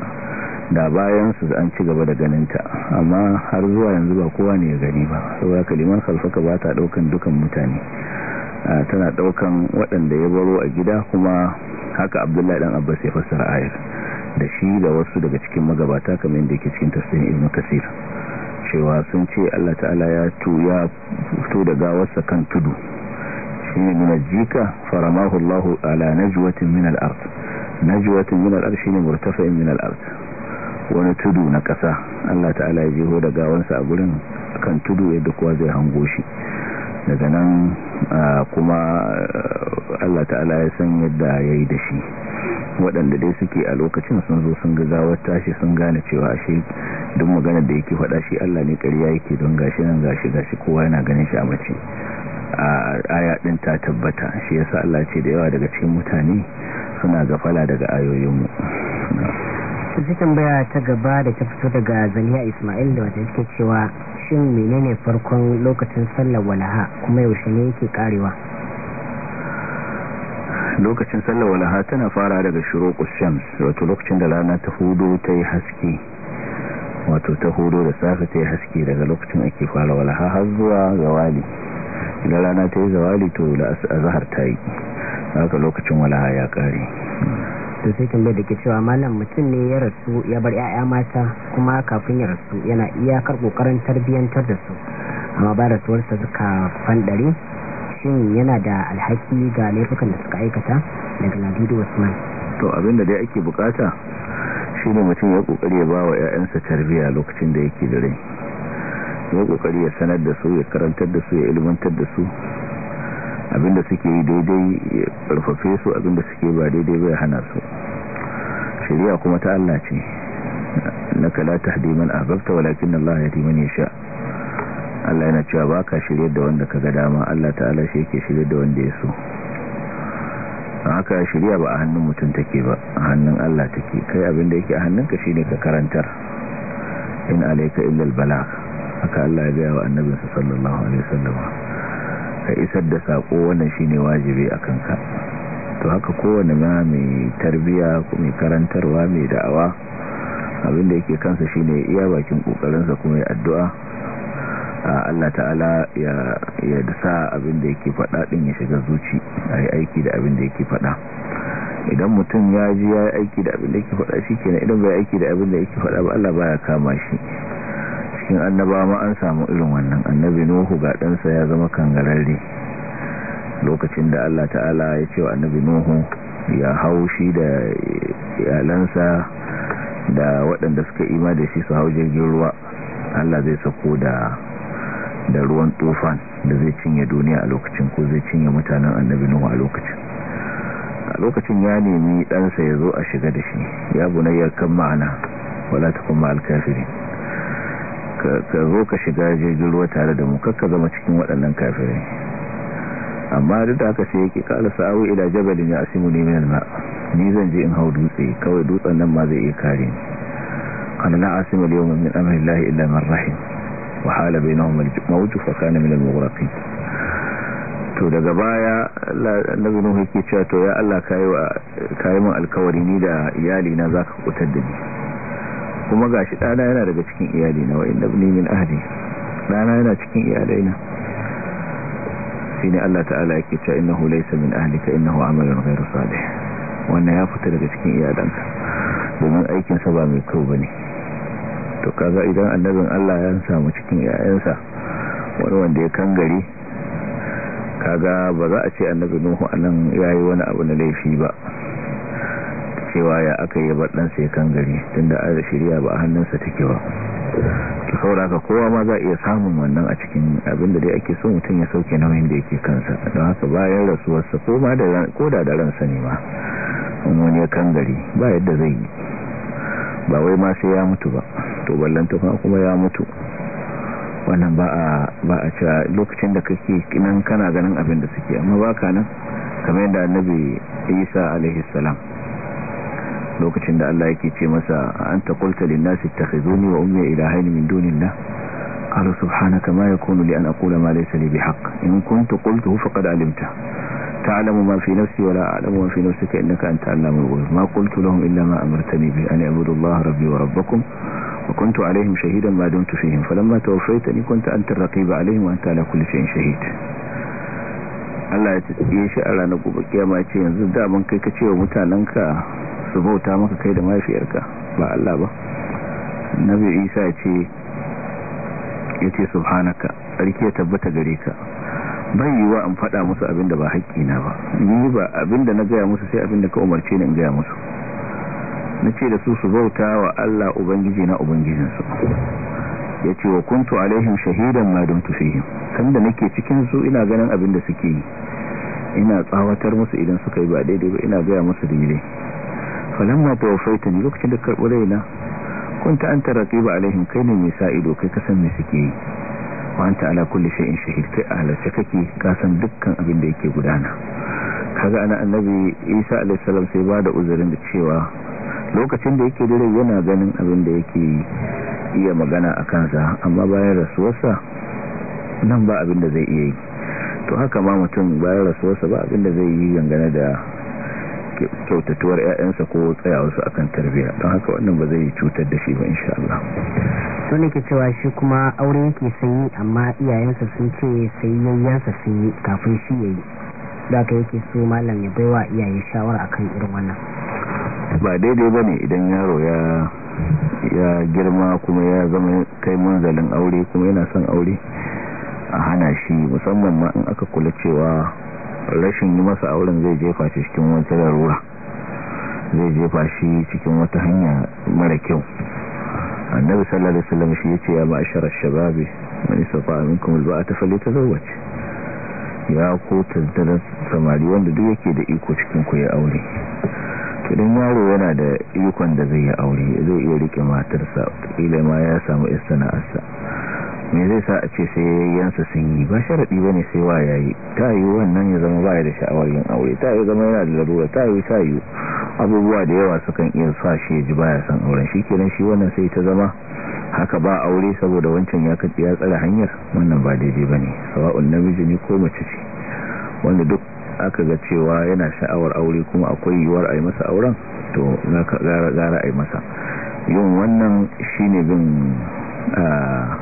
da bayan su an ci gaba da ganinta amma har zuwa yanzu ba kowa ne ya gani ba saboda kaliman khalfaka ba ta ɗaukan dukan mutane tana daukan waɗanda ya baro a gida kuma haka abdullahi dan abbas ya fassara ayar da shi da wasu daga cikin magabata kamar yadda yake cikin tafsirin ibn kasir cewa sun ce Allah ta'ala ya ya fito da gawarsa kan tudu shi ne min jika faramahu Allah ala najwatin min al-ard najwatin min al-ard shine murtafa'in min al-ard wani tudu na kasa Allah ta'ala ya jeho da gawarsa a gurin kan tudu yadda kowa zai hango shi daga nan kuma Allah ta'ala ya san yadda ya yi da shi waɗanda dai suke a lokacin sun zo sun gaza wata tashi sun gane cewa shi duk maganar da yake faɗa shi Allah ne ƙarya yake don gashi nan gashi gashi kowa yana ganin shi a mace a aya ɗin ta tabbata shi yasa Allah ce da yawa daga cikin mutane suna gafala daga ayoyinmu cikin baya ta gaba da ta fito daga zaniya ismail da wata yake cewa shin menene farkon lokacin sallar walaha kuma yaushe ne yake karewa lokacin sallar walaha tana fara daga shiro shams wato lokacin da rana ta hudu ta yi haske wato ta hudu da safe ta yi haske daga lokacin ake fara walaha har zuwa zawali da rana ta yi zawali to zahar ta yi haka lokacin walaha ya kare to sai tambayar da ke cewa malam mutum ne ya rasu ya bar 'ya'ya mata kuma kafin ya rasu yana iyakar kokarin tarbiyyantar da su amma ba rasuwarsa suka fandare shin yana da alhaki ga laifukan da suka aikata daga ladidu usman to abin da dai ake bukata shi ne mutum ya kokari ya ba wa 'ya'yansa tarbiyya lokacin da yake da rai ya kokari ya sanar da su ya karantar da su ya ilmantar da su abinda suke yi daidai ya karfafe su abinda suke ba daidai bai hana su shari'a kuma ta Allah ce naka la tahdi man ahbabta walakin Allah yahdi ya sha Allah yana cewa baka shiryar da wanda ga dama Allah ta'ala shi yake shiryar da wanda ya so haka shirya ba a hannun mutum take ba a hannun Allah take kai abinda yake a ka shine ka karantar in alaika illal bala haka Allah ya gaya wa annabinsa sallallahu alaihi wasallam ka isar da sako wannan shine wajibi a kanka to haka kowane ma mai tarbiya mai karantarwa mai da'awa abinda yake kansa shine iya bakin kokarinsa kuma ya addu'a Allah ta'ala ya ya sa abinda yake faɗa din ya shiga zuci a aiki da abinda yake faɗa idan mutum ya ji ya aiki da abin yake faɗa shi kenan idan bai aiki da abin yake faɗa ba Allah baya kama shi cikin annaba ma an samu irin wannan annabi nuhu ga ɗansa ya zama kangararre lokacin da Allah ta'ala ya ce wa annabi nuhu ya hau shi da iyalansa da waɗanda suka ima da shi su hau jirgin ruwa Allah zai sako da da ruwan tufan da zai cinye duniya a lokacin ko zai cinye mutanen annabi nuhu a lokacin a lokacin ya nemi ɗansa ya zo a shiga da shi ya bunayyar kan ma'ana wala ta kuma ka zo ka shiga jirgin ruwa tare da mu kakka zama cikin waɗannan kafirai amma duk da haka sai yake kala sa'awu ila jabalin ya asimu ne min ma ni zan je in hau dutse kawai dutsen nan ma zai iya kare ni kana na asimu da yawma min lahi illa man rahim wa hala bainahum al fa kana min to daga baya na nuhu yake cewa to ya Allah kayi wa min alkawari ni da iyali na ka kutar da ni kuma gashi ɗana yana daga cikin iyali na wa'in da min ɗana yana cikin iyalai na shi ne Allah ta'ala yake cewa innahu laysa min ahlika innahu amalun ghayru salih wannan ya fita daga cikin iyalanka domin aikinsa ba mai kyau ba ne to kaga idan annabin Allah ya samu cikin iyayensa wani wanda ya kan gari kaga ba za a ce annabi Nuhu anan yayi wani abu na laifi ba cewa ya aka yi baɗan sai kan gari tunda a shirya ba a hannunsa take ba sauraka kowa ma za a iya samun wannan a cikin da dai ake so mutum ya sauke nauyin da yake kansa don haka bayan rasuwarsa ko da da ransa ne ma wani ya kan gari ba yadda zai yi ba wai ma sai ya mutu ba to ballanta kuma ya mutu wannan ba a cewa lokacin da kake nan kana ganin abin da suke amma ba ka nan kamar yadda annabi isa salam lokacin da Allah yake ce masa anta qulta lin-nasi ittakhizuni wa ummi ilahayn min dunillah qala subhanaka ma yakunu li an aqula ma laysa li bihaqq in kuntu qultuhu faqad alimta ta'lamu ma fi nafsi wa la a'lamu ma fi nafsika innaka anta allamul ghuyub ma qultu lahum illa ma amartani bi an a'budu Allah rabbi wa rabbakum wa kuntu alayhim shahidan ma dumtu fihim falamma tawaffaytani kunta anta ar-raqiba alayhim wa anta ala kulli shay'in shahid Allah ya tsiye shi a ranar gobe kiyama ce yanzu da mun kai ka ce cewa mutananka su bauta maka kai da mahaifiyarka ba Allah ba nabi isa ce ya ce subhanaka tsarki ya tabbata gare ka bai yiwa in faɗa musu abinda ba haƙƙina ba ni ba abinda na gaya musu sai abinda ka umarce ni in gaya musu na ce da su su bauta wa Allah Ubangiji na Ubangijinsu ya ce wa kuntu alaihim shahidan ma don tufihim kan da nake cikin su ina ganin abinda suke yi ina tsawatar musu idan suka yi ba daidai ba ina gaya musu daidai falamma ne lokacin da karɓi raina kunta anta raqiba alaihim kai ne mai sa ido kai kasan me suke yi wanta ala kulli in shahid kai halarci kake kasan dukkan abin da yake gudana kaga ana annabi Isa alayhi sai ba da uzurin da cewa lokacin da yake dare yana ganin abin da yake iya magana a kansa amma bayan rasuwarsa nan ba abin da zai iya yi to haka ma mutum bayan rasuwarsa ba abin da zai yi gangane da kyautatuwar 'ya'yansa ko a akan tarbiyya don haka wannan ba zai cutar da shi ba insha Allah ke cewa shi kuma aure yake sanyi amma iyayensa sun ce sai yayyansa sun yi kafin shi ya yi da ka yake so malam ya baiwa iyaye shawara akan irin wannan ba daidai ba ne idan yaro ya girma kuma ya zama kai manzalin aure kuma yana son aure a hana shi musamman ma in aka kula cewa rashin yi masa auren zai jefa shi cikin wata larura zai jefa shi cikin wata hanya mara kyau annabi sallallahu alaihi wasallam shi yace ya ma'ashar shababi man istata'a minkum alba'ata falyatazawwaj ya ta tantaran samari wanda duk yake da iko cikin ku ya aure to yaro yana da ikon da zai yi aure zai iya rike matarsa kila ma ya samu istana'arsa me zai sa a ce sai yayyansa sun yi ba sharaɗi ba ne sai wa ya yi ta yi wannan ya zama baya da sha'awar yin aure ta yi zama yana da larura ta yi ta yi abubuwa da yawa sukan iya sa shi ya ji baya san auren shi kenan shi wannan sai ta zama haka ba aure saboda wancan ya kaci ya tsara hanyar wannan ba daidai ba ne sawa'un namiji ne ko mace ce wanda duk aka ga cewa yana sha'awar aure kuma akwai yiwuwar a yi masa auren to za ka gara a yi masa yin wannan shine bin ah,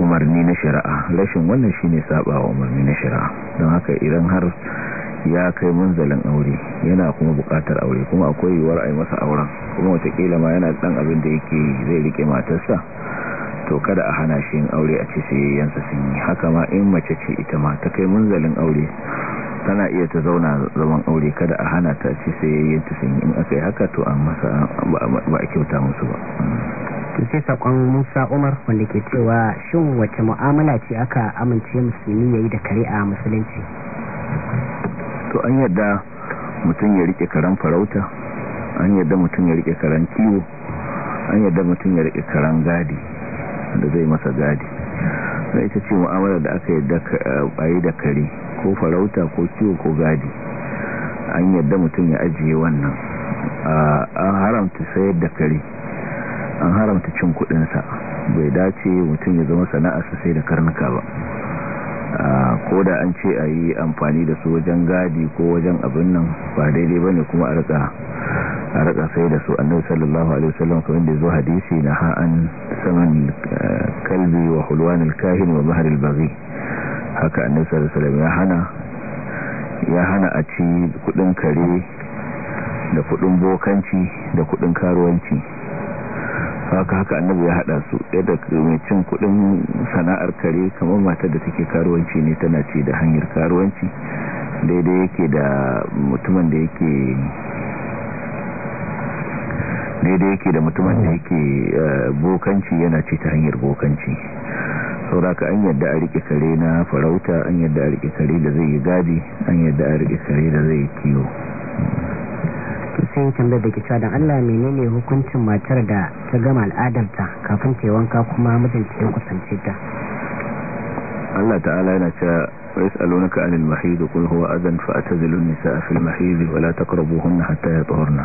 umarni na shari'a rashin wannan shine saba wa umarni na shari'a don haka idan har ya kai munzalin aure yana kuma bukatar aure kuma akwai yiwuwar a yi masa auren kuma watakila ma yana dan abin da yake zai rike matarsa to kada a hana shi yin aure a ce sai yansa sun yi haka ma in mace ce ita ma ta kai munzalin aure tana iya ta zauna zaman aure kada a hana ta ce sai yanta sun yi in aka yi haka to an masa ba a kyauta musu ba sai sakon Musa Umar wanda ke cewa shin wace mu'amala ce aka amince musulmi yayi da kare a musulunci to an yadda mutum ya rike karan farauta an yadda mutum ya rike karan kiwo an yadda mutum ya rike karan gadi da zai masa gadi sai ita ce mu'amala da aka yadda a yi da kare ko farauta ko kiwo ko gadi an yadda mutum ya ajiye wannan an haramta sayar da kare an haramta cin kudinsa bai dace mutum ya zama sana'a sai da karnuka ba ko da an ce a yi amfani da su wajen gadi ko wajen abin nan ba daidai ba ne kuma a rika sai da su annabi sallallahu alaihi wasallam kamar da zo hadisi na ha'an saman eh, kalbi wa hulwan alkahin wa mahar albaghi haka annabi sallallahu alaihi wasallam ya hana ya hana a ci kudin kare da kudin bokanci da kudin karuwanci haka haka annabi ya hada su ɗaya da mai cin kudin sana'ar kare kamar matar da take karuwanci ne tana ce da hanyar karuwanci daidai yake da mutumin da yake daidai yake da mutumin da yake eh, bokanci yana ce ta hanyar bokanci sauraka an yadda a rike kare na farauta an yadda a rike kare da zai yi gadi an yadda a rike kare da zai yi kiwo sai tambayar da ke cewa don Allah menene hukuncin matar da ta gama al'adarta kafin ke wanka kuma mutunci ya kusance ta Allah ta'ala yana cewa wais alunaka anil mahidu kun huwa azan fa a a fil mahidu wala ta karabu hatta ya tsohorna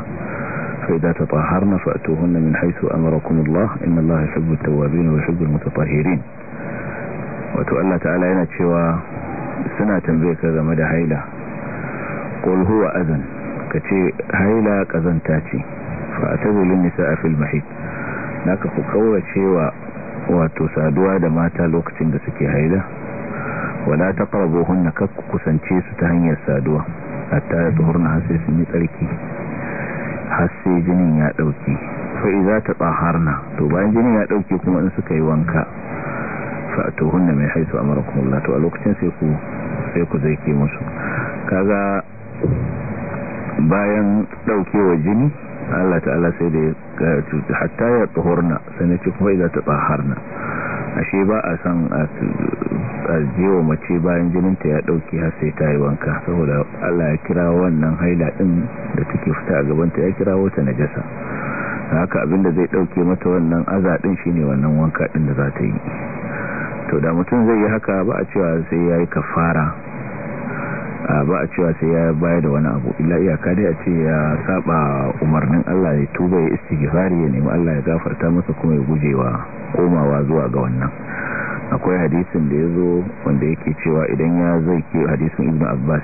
sai da ta taharna fa a tuhunna min haisu amurakun Allah inna Allah ya shubu tawabin wa shubu mutatahirin wato Allah ta'ala yana cewa suna tambayar ka game da haila kun huwa ka ce haila kazanta ce fa zulun nisa fil na ka ku kauracewa wato saduwa da mata lokacin da suke haila wala taqrabuhunna ka kusance su ta hanyar saduwa a ya tuhurna har sai yi tsarki hasse jinin ya dauki fa idza na to bayan jinin ya dauki kuma in suka yi wanka fa tuhunna mai haisu mara kuma to a lokacin sai ku zai ke musu kaga bayan daukewa jini Allah ta'ala sai da ya cuta hatta ya sai na ce kuma idan ta tsaharna ashe ba a san a jewa mace bayan jininta ya dauke har sai ta yi wanka saboda Allah ya kira wannan haila din da take fita a gabanta ya kira wata najasa haka abinda zai dauke mata wannan aza din shine wannan wanka din da za ta yi to da mutum zai yi haka ba a cewa sai ya yi kafara ba a cewa sai ya bayar da wani abu illa iyaka dai a ce ya saba umarnin Allah ya tuba ya istighfari ya nemi Allah ya gafarta masa kuma ya gujewa komawa zuwa ga wannan akwai hadisin da ya zo wanda yake cewa idan ya zai ke hadisin ibn abbas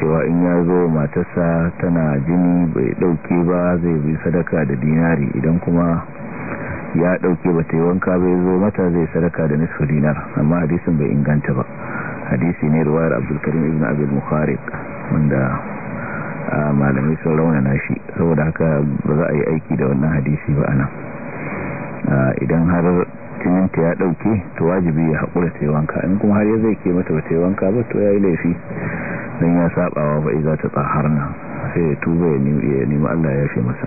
cewa in ya zo matarsa tana jini bai dauke ba zai bi sadaka da dinari idan kuma ya dauke ba ta wanka bai zo mata zai sadaka da nisfu dinar amma hadisin bai inganta ba hadisi ne ruwayar abdulkarim ibn abil mukharib wanda malamai sun raunana shi saboda haka ba za a yi aiki da wannan hadisi ba ana idan har jininta ya dauke to wajibi ya haƙura ta in kuma har ya zai ke mata bata wanka ba to ya yi laifi don ya sabawa ba za ta tsaharna sai ya tuba ya nima Allah ya fi masa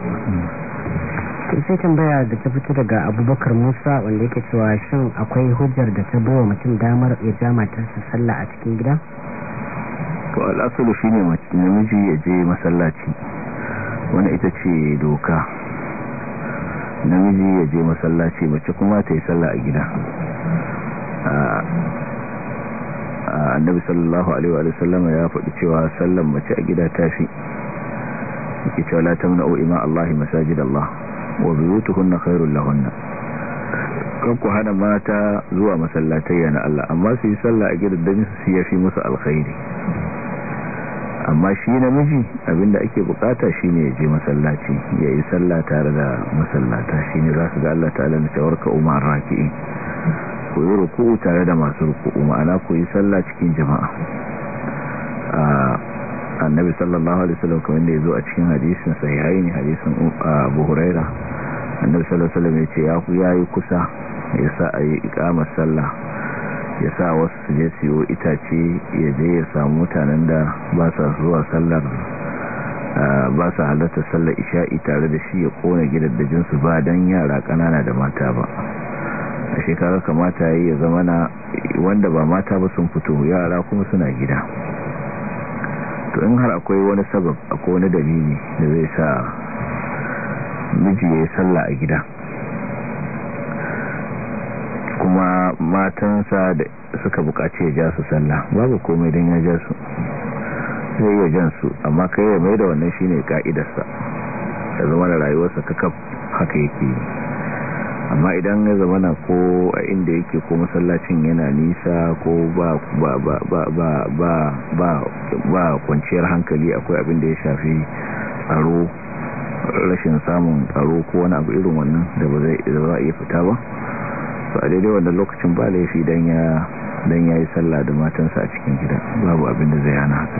sai tambaya da ta fito daga abubakar musa wanda yake cewa shin akwai hujjar da ta bawa mutum damar ya ja matarsa sallah a cikin gida to al'asulu shi ne namiji ya je masallaci wani ita ce doka namiji ya je masallaci mace kuma ta yi sallah a gida annabi sallallahu alaihi wa sallam ya faɗi cewa sallan mace a gida ta fi yake cewa la tamna'u ima Allah masajid Allah wa buyutuhunna khairul lahunna ku hana mata zuwa masallatai na Allah amma su yi sallah a gidan su ya fi musu alkhairi amma shi namiji abinda ake bukata shine ya je masallaci ya yi sallah tare da masallata shine za su ga Allah ta'ala na tawarka ka umar raki'i ku yi ruku'u tare da masu ruku'u ma'ana ku yi sallah cikin jama'a ah, annabi sallallahu alaihi wasallam kamar da yazo a cikin hadisin ne hadisin uh, Abu Huraira annabi sallallahu alaihi wasallam ya ku yayi kusa yasa ayi iqamar sallah ya sa wasu su je siyo itace ya je ya samu mutanen da ba sa zuwa sallar uh, ba sa halatta sallar isha'i tare da shi ya kona da su ba dan yara kanana da mata ba a shekarar kamata yi ya zama na wanda ba mata ba sun fito yara kuma suna gida to in har akwai wani sabab akwai wani dalili da zai sa miji ya yi sallah a gida kuma matansa da suka bukaci ya ja su sallah babu komai don ya ja su zai yi jan su amma kai ya mai da wannan shine ka'idarsa da zama da rayuwarsa kakaf haka yake yi amma idan ya zamana ko a inda yake ko masallacin yana nisa ko ba ba kwanciyar hankali akwai abin da ya shafi tsaro rashin samun tsaro ko wani abu irin wannan da ba zai da iya fita ba ba a daidai wannan lokacin ba laifi dan ya yi yayi sallah da matansa a cikin gida babu abin da zai hana haka.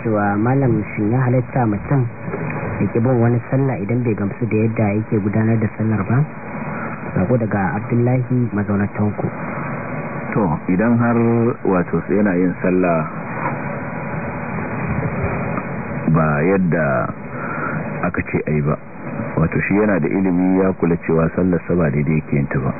cewa malam shin ya halatta mutum ya ƙi bin wani sallah idan bai gamsu da yadda yake gudanar da sallar ba sako daga abdullahi mazaunatan ku to idan har wato yana yin sallah ba yadda aka ce ai ba wato shi yana da ilimi ya kula cewa sallar saba daidai yake yin ta ba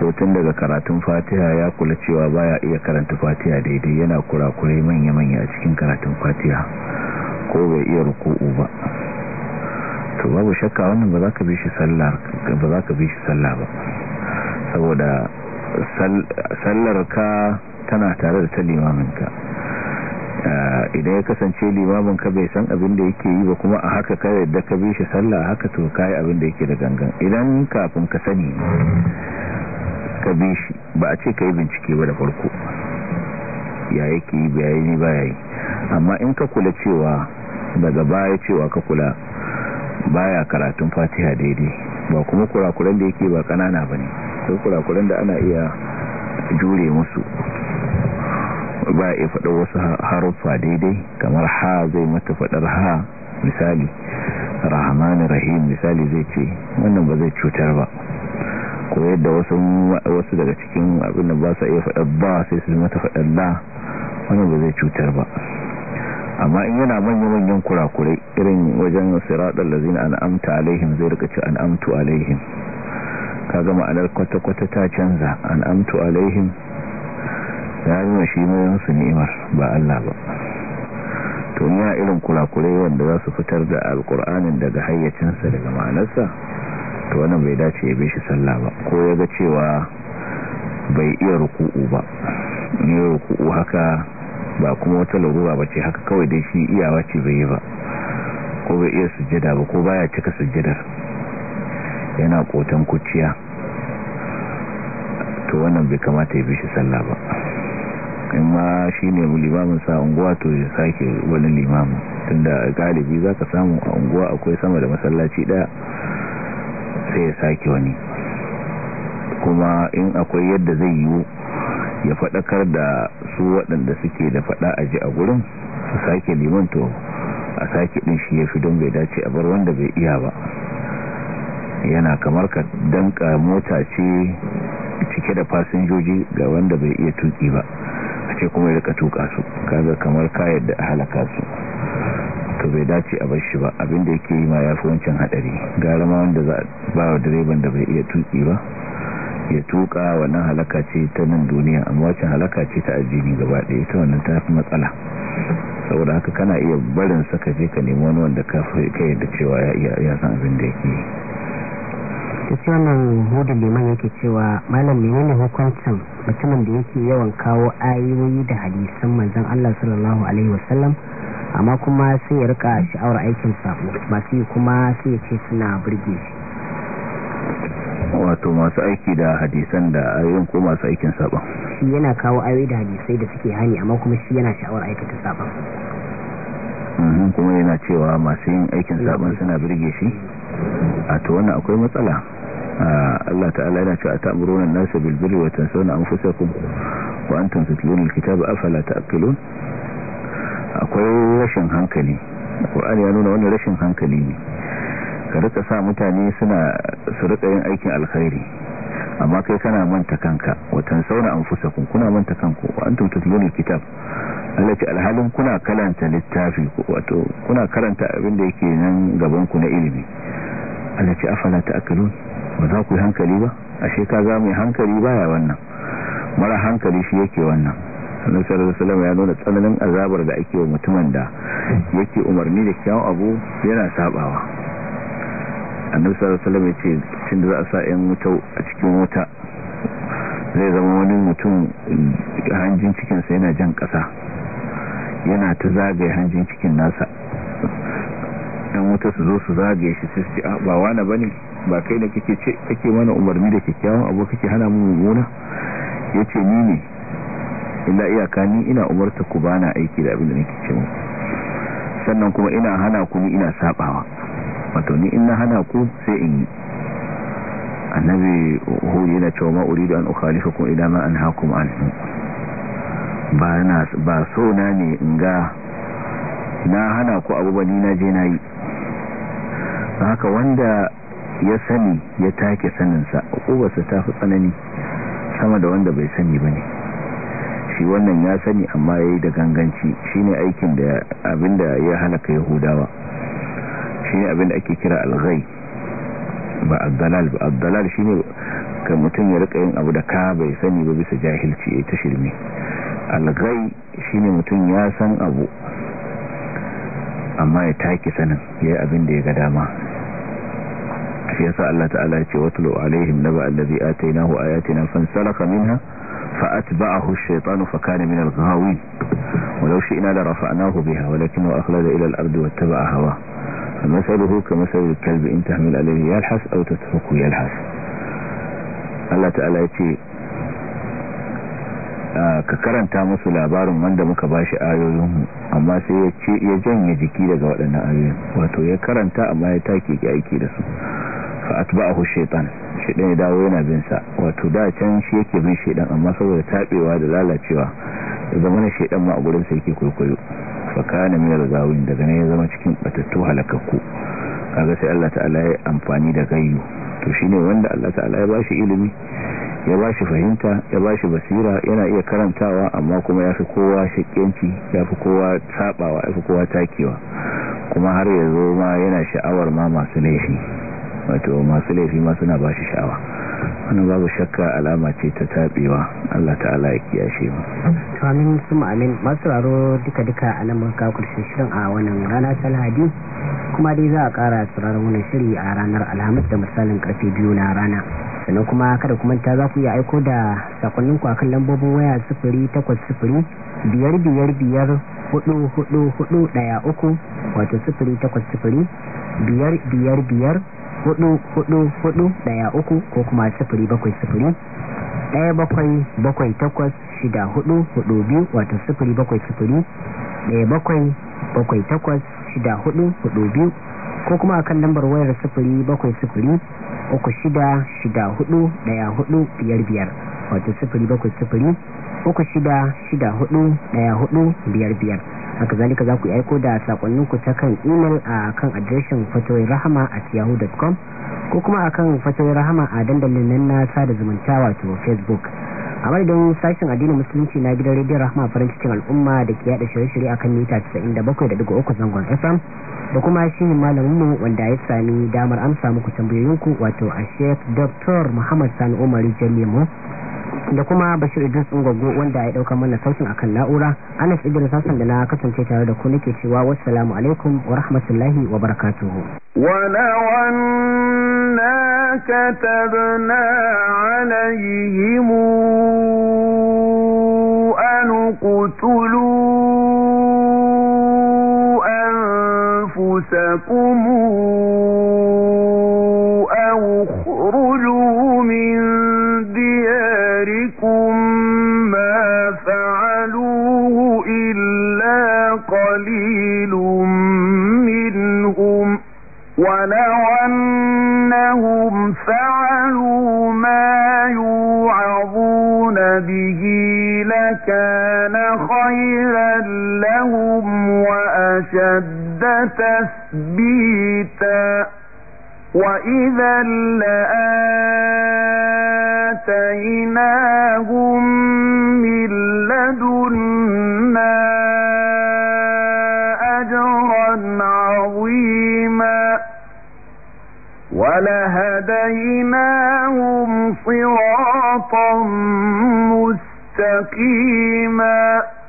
ko daga karatun fatiha ya kula cewa baya iya karanta fatiha daidai yana kurakurai manya-manya a cikin karatun fatiha ko bai iya ruku'u ba to babu shakka wannan ba za ka bi shi sallar ba za ka bi shi sallah ba saboda sallar ka tana tare da ta ka eh, idan ya kasance limamin ka bai san abin da yake yi ba kuma a haka ka yadda ka bi shi sallah haka to kai abin da yake da gangan idan kafin ka sani ka bi shi ba a ce ka yi bincike ba da farko ya yake yi bayani ba ya yi amma in ka kula cewa daga baya cewa ka kula baya karatun fatiha daidai ba kuma kurakuran da yake ba kanana ba ne sai kurakuran da ana iya jure musu ba ya faɗa wasu haruffa daidai kamar ha zai mata faɗar ha misali rahman rahim misali zai ce wannan ba zai cutar ba ko yadda wasu daga cikin abin da ba sa iya faɗar ba sai su mata faɗar da wannan ba zai cutar ba amma in yana manya-manyan kurakurai irin wajen siratar an an'amta alaihim zai rika ci an'amtu alaihim ka gama anar kwata-kwata ta canza an'amtu alaihim ya zama shi mayansu ni'imar ba Allah ba to ya irin kurakurai wanda za su fitar da alkur'anin daga hayyacinsa daga ma'anarsa to wannan bai dace ya bi shi sallah ba ko ya ga cewa bai iya ruku'u ba ne ruku'u haka ba kuma wata larura ba ce haka kawai dai shi iyawa ce bai yi ba ko bai iya sujjada ba ko baya cika sujjadar yana kotan kuciya to wannan bai kamata ya bi shi sallah ba amma shi ne limamin sa unguwa to ya sake wani limamin tunda galibi za ka samu a unguwa akwai sama da masallaci ɗaya sai ya sake wani kuma in akwai yadda zai yiwu ya faɗakar da su waɗanda suke da faɗa a ji a gurin su sake liman to a sake ɗin shi ya fi don bai dace a bar wanda bai iya ba yana kamar ka danka mota ce cike da fasinjoji ga wanda bai iya tuki ba a ce kuma ya tuka su kaga kamar kayar a halaka su to bai dace a bar shi ba abinda yake yi ma ya fi wancan hadari gara ma wanda za a ba wa direban da bai iya tuki ba ya tuka wannan halaka ce ta nan duniya amma wacce halaka ce ta ajini gaba ɗaya ta wannan ta fi matsala saboda haka kana iya barin saka je ka nemi wani wanda ka kai da cewa ya san abin da yake ta ce wannan hudu liman yake cewa malam ne ne hukuncin mutumin da yake yawan kawo ayoyi da hadisan manzon Allah sallallahu alaihi wasallam amma kuma sai ya rika sha'awar aikin sabo masu yi kuma sai ya ce suna burge shi wato masu aiki da hadisan da ayoyin ko masu aikin saban shi yana kawo ayoyi da hadisai da suke hani amma kuma shi yana sha'awar aikata saban mhm, kuma yana cewa masu yin aikin saban suna birge shi a to wannan akwai matsala Allah ta'ala yana cewa ta'muruna an-nasa bil birri wa tansawna anfusakum wa antum tatluna al ba afala ta'qilun akwai rashin hankali Qur'ani ya nuna wani rashin hankali ne ka rika sa mutane suna su rika yin aikin alkhairi amma kai kana manta kanka watan sauna kun kuna manta kanku wa antum tutluna kitab allati alhalin kuna karanta littafi wato kuna karanta abin da yake nan gaban ku na ilimi allati afala ta'kulun ba za ku hankali ba ashe ka ga mai hankali baya wannan mara hankali shi yake wannan sannan sallallahu alaihi wasallam ya nuna tsananin azabar da ake wa mutumin da yake umarni da kyawun abu yana sabawa annabi sallallahu alaihi wasallam ya ce tun da za a sa yan wuta a cikin wuta zai zama wani mutum hanjin cikinsa yana jan ƙasa yana ta zagaye hanjin cikin nasa yan wuta su zo su zagaye shi su ce ah, ba wani ba ne ba kai da kake ce kake mana umarni da kyakkyawan abu kake hana mu mummuna yace ce ni ne illa iyaka ni ina umarta ku bana aiki da abin da nake ce mu sannan kuma ina hana ku ina sabawa wato ni in na hana ku sai in yi annabi hudu yana cewa ma uridu an ukhalifa kun idan ma an hakum an ba so na ne in ga na hana ku abu ba ni na je na yi haka wanda ya sani ya take saninsa ƙubarsa ta fi tsanani sama da wanda bai sani ba ne shi wannan ya sani amma ya yi da ganganci shi ne aikin da abinda ya halaka yahudawa shine abin da ake kira algai ba abdalal ba abdalal shi ne ka mutum ya rika yin abu da ka bai sani ba bisa jahilci ita shirme algai shi ne mutum ya san abu amma ya taki sanin yayi abin da ya ga dama shi yasa Allah ta'ala ya ce watlu alaihim naba allazi atainahu ayatina fansalakha minha فأتبعه الشيطان فكان من الغاوين ولو شئنا لرفعناه بها ولكنه أخلد إلى wata واتبع hawa. masaluhu ka masalul kalbi in tahmil alayhi yalhas aw tatruku yalhas Allah ta'ala ya ce ka karanta musu labarin wanda muka bashi ayoyinmu amma sai ya ce ya janye jiki daga waɗannan ayoyin wato ya karanta amma ya take aiki da su fa atba'ahu shaytan shaytan ya dawo yana bin sa wato da can shi yake bin shaytan amma saboda tabewa da lalacewa ya zama na shaytan ma a gurin sa yake kwaikwayo fakana mai rigawin daga ne ya zama cikin batattu halakakku kaga sai Allah ta'ala ya amfani da gayyu to shine wanda Allah ta'ala ya bashi ilimi ya bashi fahimta ya bashi basira yana iya karantawa amma kuma yafi kowa ya yafi kowa sabawa yafi kowa takewa kuma har ya zo ma yana sha'awar ma masu laifi wato masu laifi ma suna bashi sha'awa wani babu shakka alama ce ta taɓewa Allah ta'ala ya kiyashe mu amin su amin masu raro duka-duka a nan muka kurshen shirin a wannan rana ta lahadi kuma dai za a ƙara tsirar wani shiri a ranar alhamis da misalin karfe biyu na rana sannan kuma kada kuma ta za ku iya aiko da sakonnin a lambobin waya sufuri takwas sufuri biyar biyar biyar hudu hudu hudu ɗaya uku wato sufuri takwas sufuri biyar biyar biyar hudu hudu hudu daya uku ko kuma sifiri bakwai sifiri daya bakwai bakwai takwas shida hudu hudu biyu wato sifiri bakwai sifiri daya bakwai bakwai takwas shida hudu hudu biyu ko kuma a kan lambar wayar sifiri bakwai sifiri uku shida shida hudu daya hudu biyar biyar wato sifiri bakwai sifiri uku shida shida hudu daya hudu biyar biyar haka zalika za ku aiko da sakonninku ta kan imel a kan adireshin fatawai rahama a yahoo.com ko kuma a kan fatawai rahama a dandalin nan na sada zumunta wato facebook a madadin sashen addinin musulunci na gidan rediyon rahama farin cikin al'umma da ke yada shirye-shirye a kan mita 97.3 zangon fm da kuma shi malaminmu wanda ya sami damar amsa muku tambayoyinku wato a sheik dr muhammad sani umar jami'u da kuma bashir idris ungwaggo wanda ya dauka mana sautin kan na'ura anas idris sasan da na kasance tare da ku nake cewa wassalamu alaikum wa rahmatullahi wa barakatuhu wa lawanna katabna alaihim an qutulu كان خيرا لهم وأشد تثبيتا وإذا لآتيناهم من لدنا أجرا عظيما ولهديناهم صراطا مستقيما مستقيما